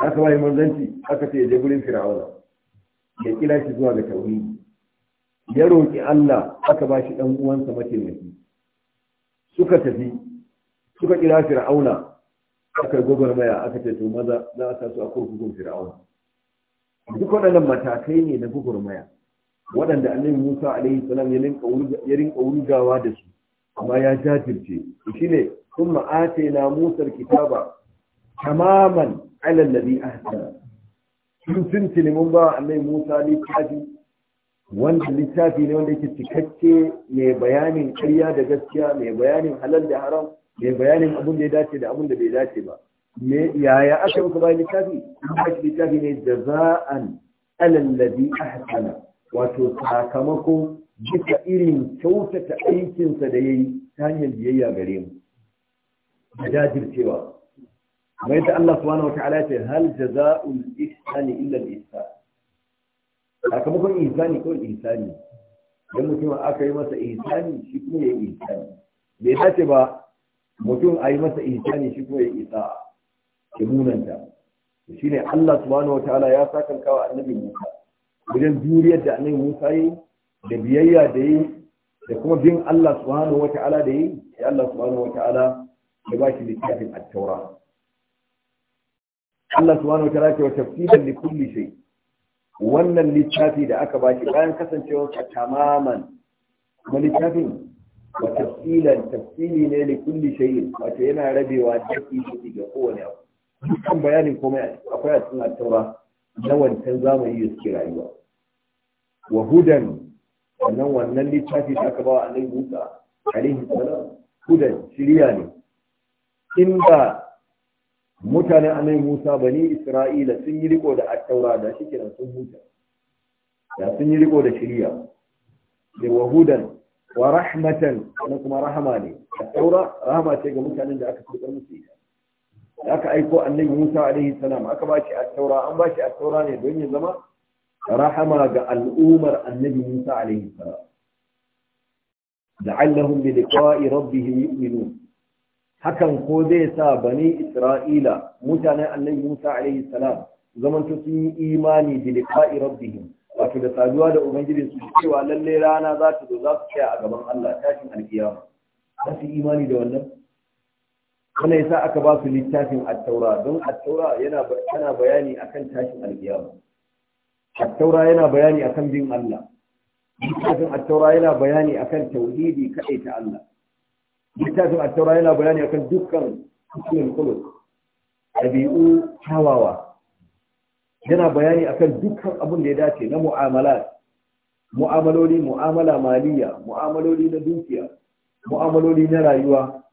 aka ba shi manzanci aka ce je gurin fir'auna ya ƙila shi zuwa ga tauhidi ya roƙi Allah aka ba shi ɗan uwansa mataimaki suka tafi suka kira fir'auna aka gwagwarmaya aka ce to maza za a sasu a kurkukun fir'aun duk waɗannan matakai ne na gwagwarmaya waɗanda annabi musa alaihi salam ya rinka wurgawa da su amma ya jajirce shi ne sun ce na musar kitaba tamaman alallabi ahsana sun tuntuni mun ba annabi musa littafi wanda littafi ne wanda yake cikakke mai bayanin ƙarya da gaskiya mai bayanin halal da haram mai bayanin abin da ya dace da abin da bai dace ba me yaya aka muka bayan littafi bashi littafi ne da jaza'an alallabi ahsana wato sakamako bisa irin kyautata aikinsa da yayi ta hanyar biyayya gare mu da jajircewa kamar yadda Allah subhanahu wata'ala ce hal jaza'ul ihsani illa al-ihsan sakamakon ihsani ko ihsani dan mutum aka yi masa ihsani shi kuma yayi ihsani bai dace ba mutum a yi masa ihsani shi kuma ya isa ya munanta shi ne Allah subhanahu wa ta'ala ya sa kankawa annabi Musa wajen juriyar da annabi Musa yi da biyayya da yi da kuma bin Allah subhanahu wa ta'ala da yi ya Allah subhanahu wa ta'ala ya ba shi littafin at-taura Allah subhanahu wa ta'ala ke wa tafsilan li kulli shay wannan littafi da aka ba shi bayan kasancewa tamaman kuma littafin wa tafsilan tafsili ne li kulli shay'in wato yana rabewa dake shi ga kowane abu dukkan bayanin komai akwai a cikin attaura na wancan zamani da suke rayuwa wa hudan wannan wannan littafi da aka bawa annabi Musa alaihi salam hudan shiriya ne in ba mutanen annabi Musa bani Isra'ila sun yi riko da attaura da shi kiran sun huta da sun yi riko da shiriya da wahudan wa rahmatan na kuma rahama ne a taura rahama ce ga mutanen da aka tukar musu ita da aka aiko annabi musa alaihi salam aka ba shi a taura an ba shi a taura ne don ya zama rahama ga al'ummar annabi musa alaihi salam la'allahum bi liqa'i rabbihim yu'minun hakan ko zai sa bani isra'ila mutanen annabi musa alaihi salam zamanto sun yi imani bi liqa'i rabbihim wato da saduwa da ubangiji su cewa lalle rana za ta zo za su tsaya a gaban Allah tashin alkiyama za su imani da wannan kuma yasa aka ba su littafin at-taura don at-taura yana tana bayani akan tashin alkiyama at-taura yana bayani akan bin Allah littafin at-taura yana bayani akan tauhidi kadai ta Allah littafin at-taura yana bayani akan dukkan cikin kullu dabi'u tawawa yana bayani akan dukkan abin da ya dace na mu'amala mu'amaloli mu'amala maliya mu'amaloli na dukiya mu'amaloli na rayuwa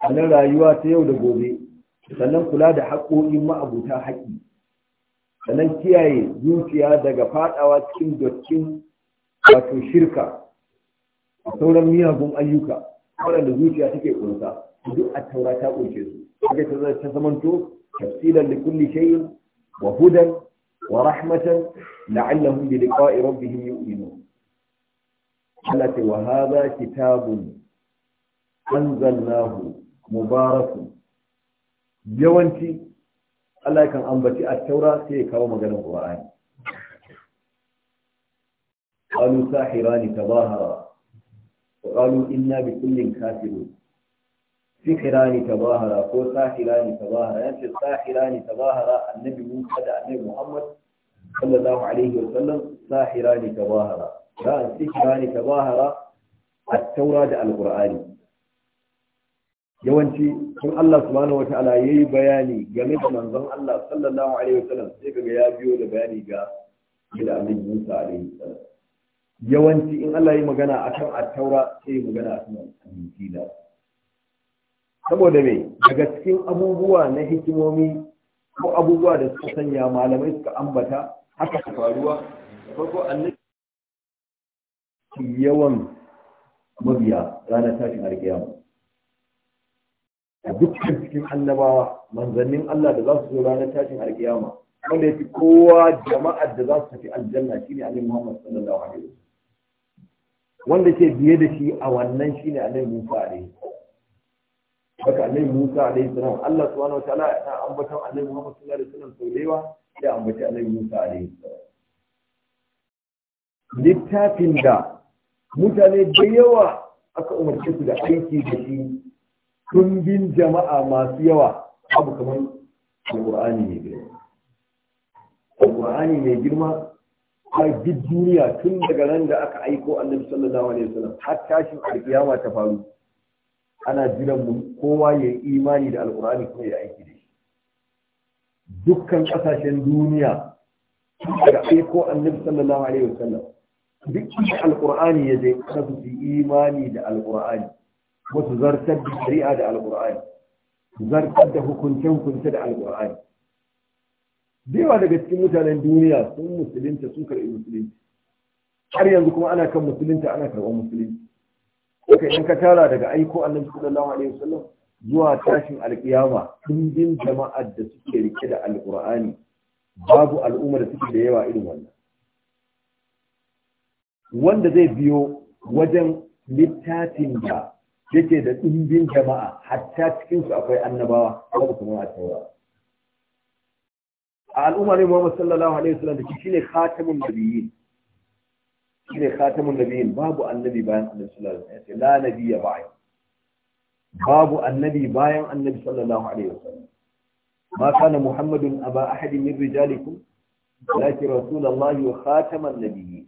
a na rayuwa ta yau da gobe sannan kula da haƙoƙin ma'abuta haƙi sannan kiyaye zuciya daga faɗawa cikin dokin wato shirka a sauran miyagun ayyuka waɗanda zuciya take ƙunsa duk a taura ta ƙunshe su kaga ta zamanto tafsilan likulli shay'in wa hudan ورحمة لعلهم بلقاء ربهم يؤمنون قالت وهذا كتاب أنزلناه مبارك yawanci Allah an ambaci a taura sai ya kawo maganar Qur'ani qalu sahirani tazahara wa qalu inna bi kullin sikirani tabahara ko sahirani tabahara ya ce sahirani tabahara annabi musa da annabi muhammad sallallahu alaihi wasallam sahirani tabahara da sikirani tabahara a taura da alkur'ani yawanci tun Allah subhanahu ya yi bayani game da manzon Allah sallallahu alaihi sallam. sai kaga ya biyo da bayani ga da annabi Musa alaihi salam yawanci in Allah yi magana akan at-taura sai magana akan injila saboda mai, daga cikin abubuwa na hikimomi ko abubuwa da suka sanya malamai suka ambata haka su faruwa farko annabi yawan mabiya ranar tashin alkiyama a dukkan cikin annabawa manzannin Allah da za su zo ranar tashin alkiyama wanda ya fi kowa jama'ar da za su tafi aljanna shine annabi Muhammad sallallahu alaihi wasallam wanda ke biye da shi a wannan shine annabi Musa alaihi haka annabi Musa alaihi salam Allah subhanahu wataala ya ambata annabi Muhammad sallallahu alaihi wasallam sau da yawa ya ambaci annabi Musa alaihi salam littafin da mutane da yawa aka umarce su da aiki da shi bin jama'a masu yawa abu kamar Al-Qur'ani mai girma Al-Qur'ani mai girma a duk duniya tun daga nan da aka aiko annabi sallallahu alaihi wasallam har tashin alkiyama ta faru ana jiran mu kowa ya yi imani da alkur'ani kuma ya aiki da shi dukkan ƙasashen duniya daga aiko annabi sallallahu alaihi wasallam duk alkur'ani ya je kana su yi imani da alkur'ani wasu zartar da shari'a da alkur'ani zartar da hukuncin hukunce da alkur'ani da daga cikin mutanen duniya sun musulunta sun karɓi musulunci har yanzu kuma ana kan musulunta ana karɓar musulunci Haka in ka tara daga aiko annabi sallallahu alaihi wasallam zuwa tashin alkiyama dimbin jama'ar da suke rike da alkur'ani babu al'umma da suke da yawa irin wannan wanda zai biyo wajen littafin da yake da dimbin jama'a hatta cikin su akwai annabawa babu kuma a taura a al'umma ne Muhammad sallallahu alaihi wasallam da shi ne khatamun nabiyyin shi ne khatamun nabiyin babu annabi bayan annabi sallallahu alaihi wasallam la nabiyya ba'i babu annabi bayan annabi sallallahu alaihi wasallam ma kana muhammadun aba ahadin min rijalikum lakin rasulullahi wa khataman nabiyyi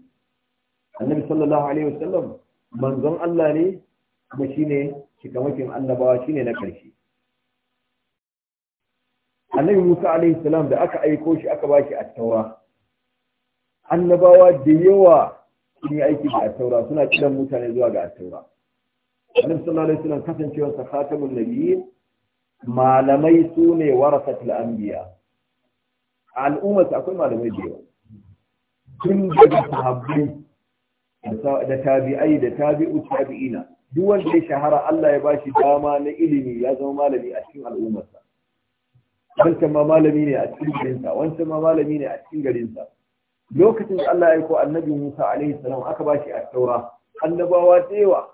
annabi sallallahu alaihi wasallam manzon Allah ne kuma shine cikamakin annabawa shine na karshe annabi Musa alaihi salam da aka aiko shi aka bashi at-taura annabawa da yawa sun yi aiki da attaura suna kiran mutane zuwa ga attaura annabi sallallahu alaihi wasallam kasancewar sa khatamun nabiyyi malamai su ne warasatul anbiya al'umma akwai malamai da yawa tun daga sahabbai da tabi'ai da tabi'u tabi'ina duk wanda ya shahara Allah ya bashi dama na ilimi ya zama malami a cikin al'ummarsa wancan ma malami ne a cikin garinsa wancan ma malami ne a cikin garinsa lokacin da Allah ya aiko annabi Musa alaihi salam aka ba shi at-taura annabawa tsewa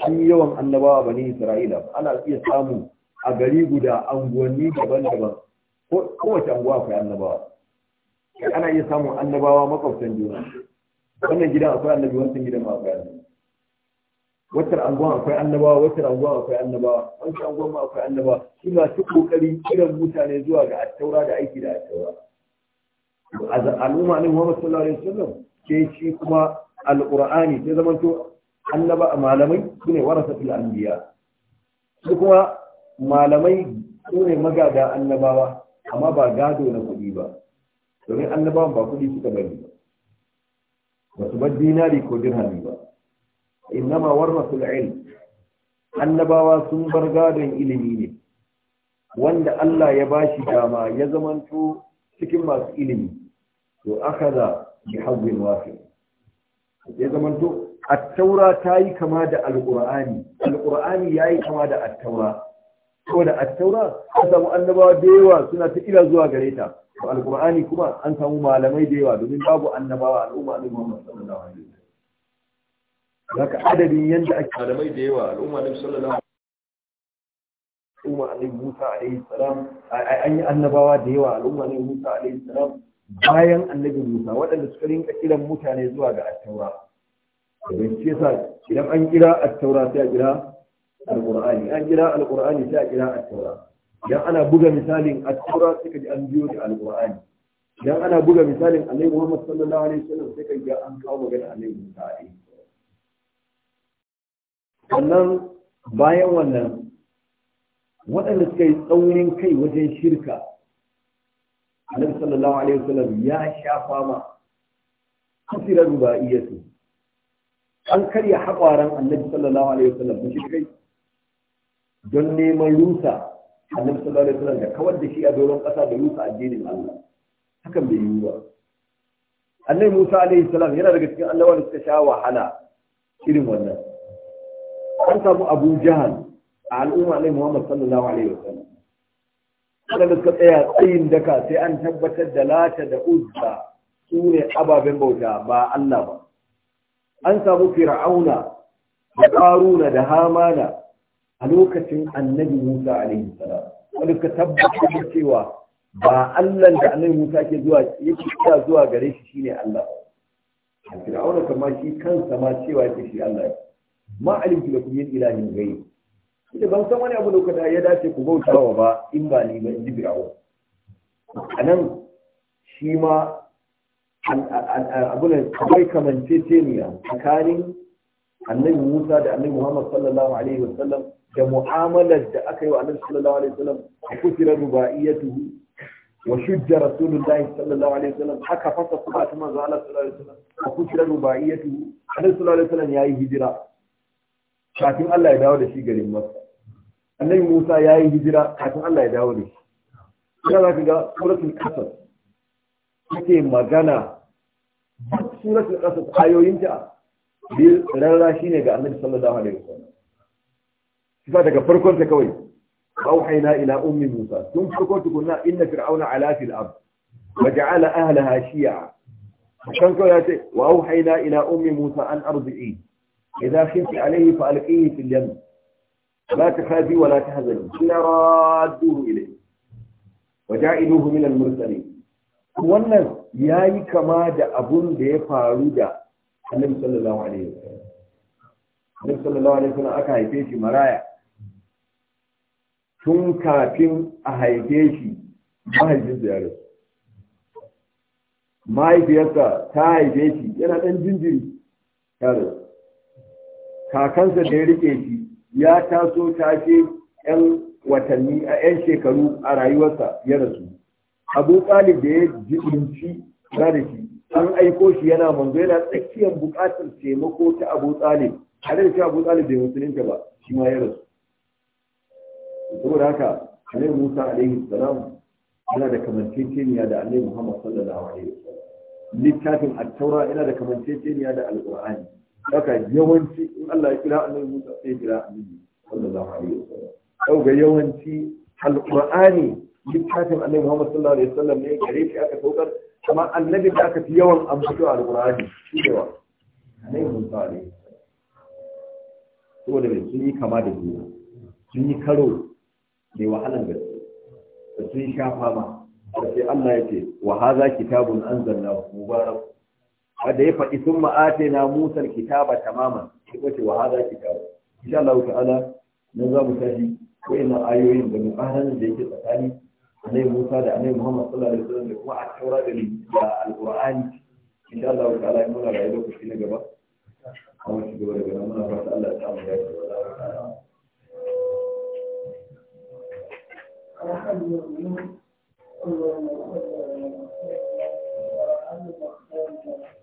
an yawan annabawa bani Isra'ila ana iya samu a gari guda anguwanni daban-daban Ko kowace anguwa akwai annabawa ana iya samun annabawa makwabtan juna wannan gidan akwai annabi wancan gidan ma akwai annabi wacce anguwan akwai annabawa wacce anguwan akwai annabawa wancan anguwan ma akwai annabawa suna ta kokarin kiran mutane zuwa ga attaura da aiki da attaura al'umma ne Muhammad sallallahu alaihi wasallam ke shi kuma alqur'ani sai zaman to annaba malamai sune warasatul anbiya su kuma malamai sune magada annabawa amma ba gado na kuɗi ba domin annabawan ba kuɗi suka bari ba ba su bar dinari ko dirhami ba innama warasatul ilm annabawa sun bar gadon ilimi ne wanda Allah ya bashi dama ya zamanto cikin masu ilimi to akhadha bi hazzin wafid ya to at-taura tayi kama da al-qur'ani al-qur'ani yayi kama da at-taura da at-taura an samu annabawa da yawa suna ta ila zuwa gare ta to al-qur'ani kuma an samu malamai da yawa domin babu annabawa al'umma annabi Muhammad sallallahu alaihi wasallam haka adadin yanda ake malamai da yawa al'umma annabi sallallahu alaihi al'umma annabi Musa alaihi salam an yi annabawa da yawa al'umma ne Musa alaihi salam bayan annabi Musa waɗanda suka rinka kiran mutane zuwa ga attaura don shi yasa idan an kira attaura sai a kira alqur'ani an kira alqur'ani sai a kira attaura idan ana buga misalin attaura sai ka ji an biyo da alqur'ani idan ana buga misalin annabi Muhammad sallallahu alaihi wasallam sai ka ji an kawo magana annabi Musa alaihi sannan bayan wannan waɗanda suka yi tsaurin kai wajen shirka annabi sallallahu alaihi wasallam ya sha fama kasirar rubaiyatu an karya haƙwaran annabi sallallahu alaihi wasallam kai don neman rusa annabi sallallahu alaihi wasallam da kawar da shi a doron ƙasa da rusa addinin Allah hakan bai yiwu ba annabi Musa alaihi salam yana daga cikin annabawa da suka sha wahala irin wannan an samu Abu Jahal a al'umma annabi Muhammad sallallahu alaihi wasallam da suka tsaya tsayin daka sai an tabbatar da lata da uzza su ne ababen bauta ba Allah ba an samu fir'auna da ƙaruna da hamana a lokacin annabi musa alaihi salam wanda suka tabbatar da cewa ba Allah da annabi musa ke zuwa yake zuwa zuwa gare shi shine Allah a fir'auna kamar shi kansa ma cewa yake shi Allah ma alimtu lakum min ilahin ghayr da ban san wani abu da kuka ya dace ku bautawa ba in ba ni ba in ji birawo a nan shi ma abunan ne a tsakanin annabi musa da annabi muhammad sallallahu alaihi wasallam da mu'amalar da aka yi wa annabi sallallahu alaihi wasallam a iya rubaiyatu wa shujja rasulullahi sallallahu alaihi wasallam haka fasa kuma ta manzo Allah sallallahu alaihi wasallam a kusura rubaiyatu annabi sallallahu alaihi wasallam yayi hijira kafin Allah ya dawo da shi garin Makka annabi Musa ya yi hijira kafin Allah ya dawo ne shi ina za ka ga suratul kasar take magana suratul kasar ayoyinta bil rarra ne ga annabi sallallahu alaihi wasallam sifa daga farkon ta kawai auhayna ila ummi Musa tun farko tukunna inna fir'auna ala fil ard wa ja'ala ahlaha shi'a kan kawai ya ce wa auhayna ila ummi Musa an arzi'i idza khifti alayhi fa alqihi لا تخافي ولا تحزني إلا رادوه إليه وجعلوه من المرسلين wannan ya yi kama da abun da ya faru da annabi sallallahu alaihi wasallam annabi sallallahu alaihi wasallam aka haife shi maraya tun kafin a haife shi mahaifinsa ya rasu mahaifiyarsa ta haife shi yana ɗan jinjiri ya rasu kakansa da ya riƙe shi ya taso take yan watanni a yan shekaru a rayuwarsa ya rasu abu talib da ya jibinci na da shi an aiko shi yana manzo yana tsakiyar buƙatar taimako ta abu talib tare da cewa abu talib bai musulunta ba shi ma ya rasu saboda haka annabi musa alaihi salam yana da kamanceceniya da annabi muhammad sallallahu alaihi wasallam littafin at-taura yana da kamanceceniya da alqur'ani haka yawanci in Allah ya kira annabi Musa sai ya kira annabi sallallahu alaihi wasallam kau ga yawanci alqur'ani littafin annabi Muhammad sallallahu alaihi wasallam ne gare shi aka saukar amma annabi da aka fi yawan ambato alqur'ani shi ne wa annabi Musa ne saboda bai sun yi kama da juna sun yi karo mai wahalan gaske da sun sha fama da sai Allah ya ce wa hadha kitabun anzalnahu mubarak wanda ya faɗi sun ma'ate na musar kitaba tamaman shi kwace wa haza kitaba insha Allah ta'ala nan za mu tashi ina ayoyin da mu'ahanan da yake tsakani annabi Musa da annabi Muhammad sallallahu alaihi wasallam da kuma a taura da da qurani insha Allah ta'ala in muna rayuwa lokaci na gaba a shi gaba daga nan muna fata Allah ya samu ya ce
Allahumma salli wa ala ali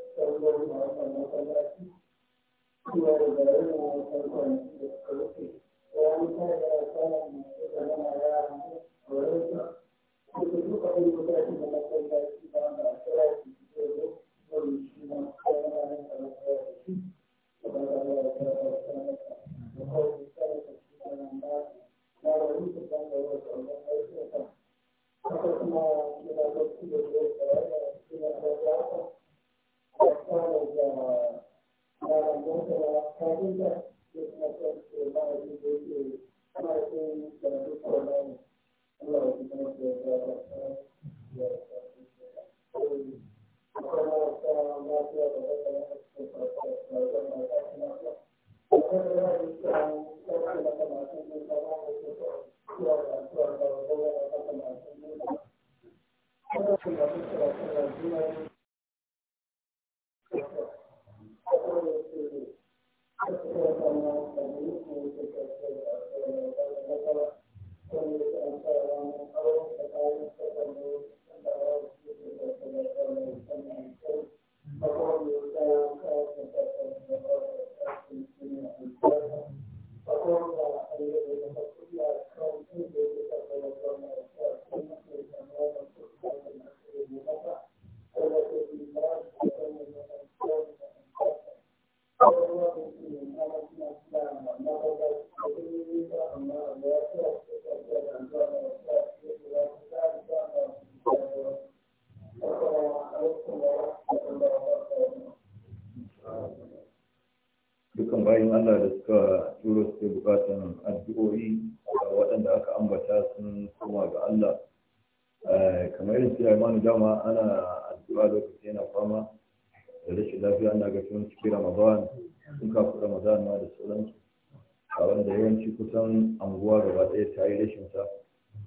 Thank you.
ga sun ciki ramadan sun kafi ramadan ma da sauransu a wanda yawanci kusan anguwa gaba ɗaya ta yi rashin sa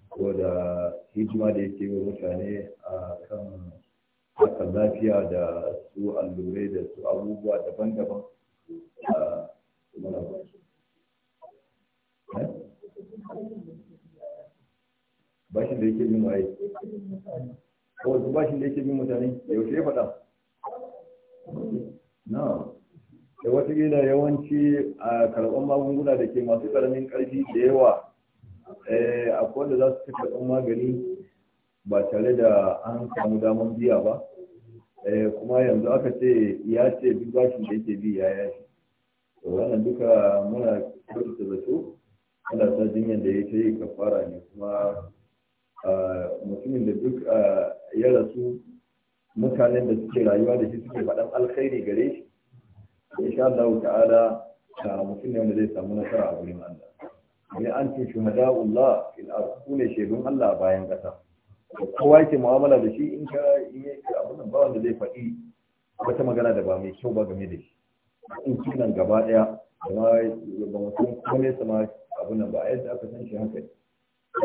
ko da hijima da yake wa mutane a kan hakan lafiya da su allurai da su abubuwa daban-daban eh? bashin da yake bin waye ko bashin da yake bin mutane yaushe ya faɗa da watakila yawanci a karɓar magunguna da ke masu ƙaramin ƙarfi da yawa eh, a wanda za su ci karɓar magani ba tare da an samu damar biya ba eh, kuma yanzu aka ce ya ce duk bashin da yake bi ya yashi wannan duka muna ta zato ana sa jinyar da ya ce yi kafara ne kuma mutumin da duk ya rasu mutanen da suke rayuwa da shi suke faɗan alkhairi gare shi ya sha Allah ta'ala ta mutum ne wanda zai samu nasara a wurin Allah ne an ce shuhada'ullah fil ardh ne shehun Allah bayan kasa kowa yake mu'amala da shi in ka in yake abun nan ba wanda zai faɗi wata magana da ba mai kyau ba game da shi in ci nan gaba ɗaya kuma ba mutum ko ne sama abun nan ba a yadda aka san shi haka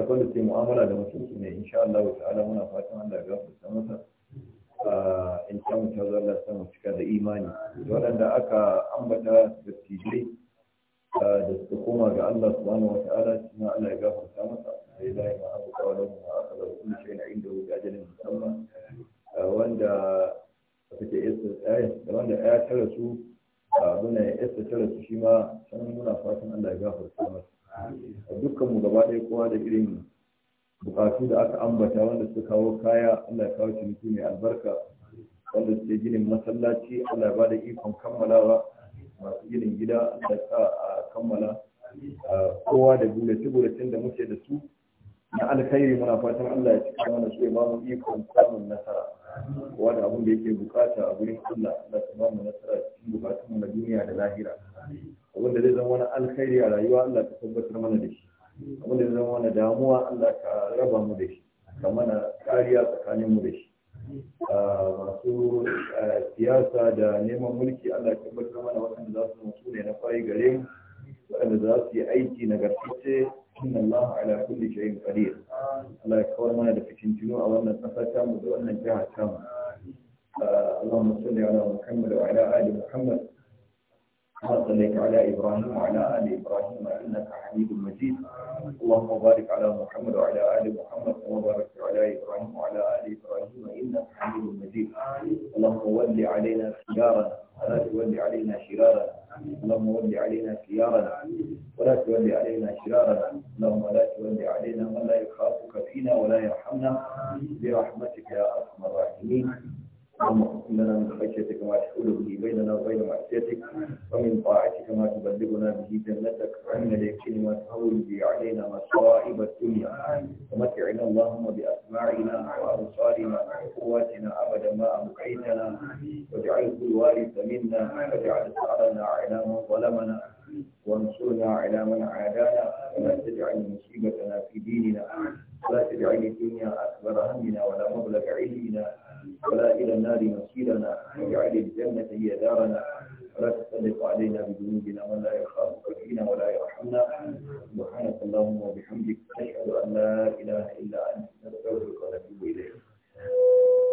akwai da ke mu'amala da mutum ne insha Allah ta'ala muna fatan Allah ya gafarta masa in ta mutu Allah ya samu cika da imani waɗanda aka ambata da tijai ah, da suka koma ga Allah subhanahu wata'ala cikin Allah ya gafarta masa da ya zai ma'abu kawalin ma aka da kuma shi na inda wuce ajalin musamman ah, wanda suke eh, da wanda ya tara su ah, abuna ya yasta tara su shi ma sanin muna fatan Allah ya gafarta masa dukkanmu gaba ɗaya kowa da irin bukatu da aka ambata wanda suka kawo kaya Allah ya kawo ciniki mai albarka wanda suke ginin masallaci Allah ya bada ikon kammalawa masu ginin gida Allah ya a kammala kowa da gulace gulacen da muke da su na alkhairi muna fatan Allah ya cika mana su ya ba mu ikon samun nasara kowa da abin da yake bukata a gurin Allah Allah ya ba mu nasara cikin bukatun mu na duniya da lahira abin da zai zama wani alkhairi a rayuwa Allah ya tabbatar mana da shi wanda zama wani damuwa Allah ka raba mu da shi ka mana kariya tsakanin mu da shi ah, masu ah, siyasa da neman mulki Allah ka bar mana waɗanda za su mutu ne na fari gare mu waɗanda za su yi aiki na garfice inna Allah ala kulli shay'in qadir Allah ya kawar mana da fitintinu a wannan ƙasa ta mu da wannan jiha ta mu اللهم صل على محمد وعلى آل محمد
كما صليت على إبراهيم وعلى آل
إبراهيم إنك حميد مجيد اللهم بارك على محمد وعلى آل محمد كما باركت على إبراهيم وعلى آل إبراهيم إنك حميد مجيد اللهم ول علينا خيارنا ولا تول علينا شرارنا اللهم ول علينا خيارنا ولا تول علينا شرارنا اللهم لا تول علينا من لا يخافك فينا ولا يرحمنا برحمتك يا أرحم الراحمين اللهم اقسم لنا من خشيتك ما تحول به بيننا وبين معصيتك ومن طاعتك ما تبلغنا به جنتك ومن اليقين ما تهون به علينا مصائب الدنيا ومتعنا اللهم باسماعنا وابصارنا وقواتنا ابدا ما ابقيتنا واجعله الوارث منا واجعل ثارنا على من ظلمنا وانصرنا على من عادانا ولا تجعل مصيبتنا في ديننا ولا تجعل الدنيا اكبر همنا ولا مبلغ علمنا ولا إلى النار مصيرنا واجعل الجنة هي دارنا ولا تسلط علينا بذنوبنا ولا يخافك فينا ولا يرحمنا سبحانك اللهم وبحمدك أشهد أن لا إله إلا أنت نستغفرك ونتوب إليك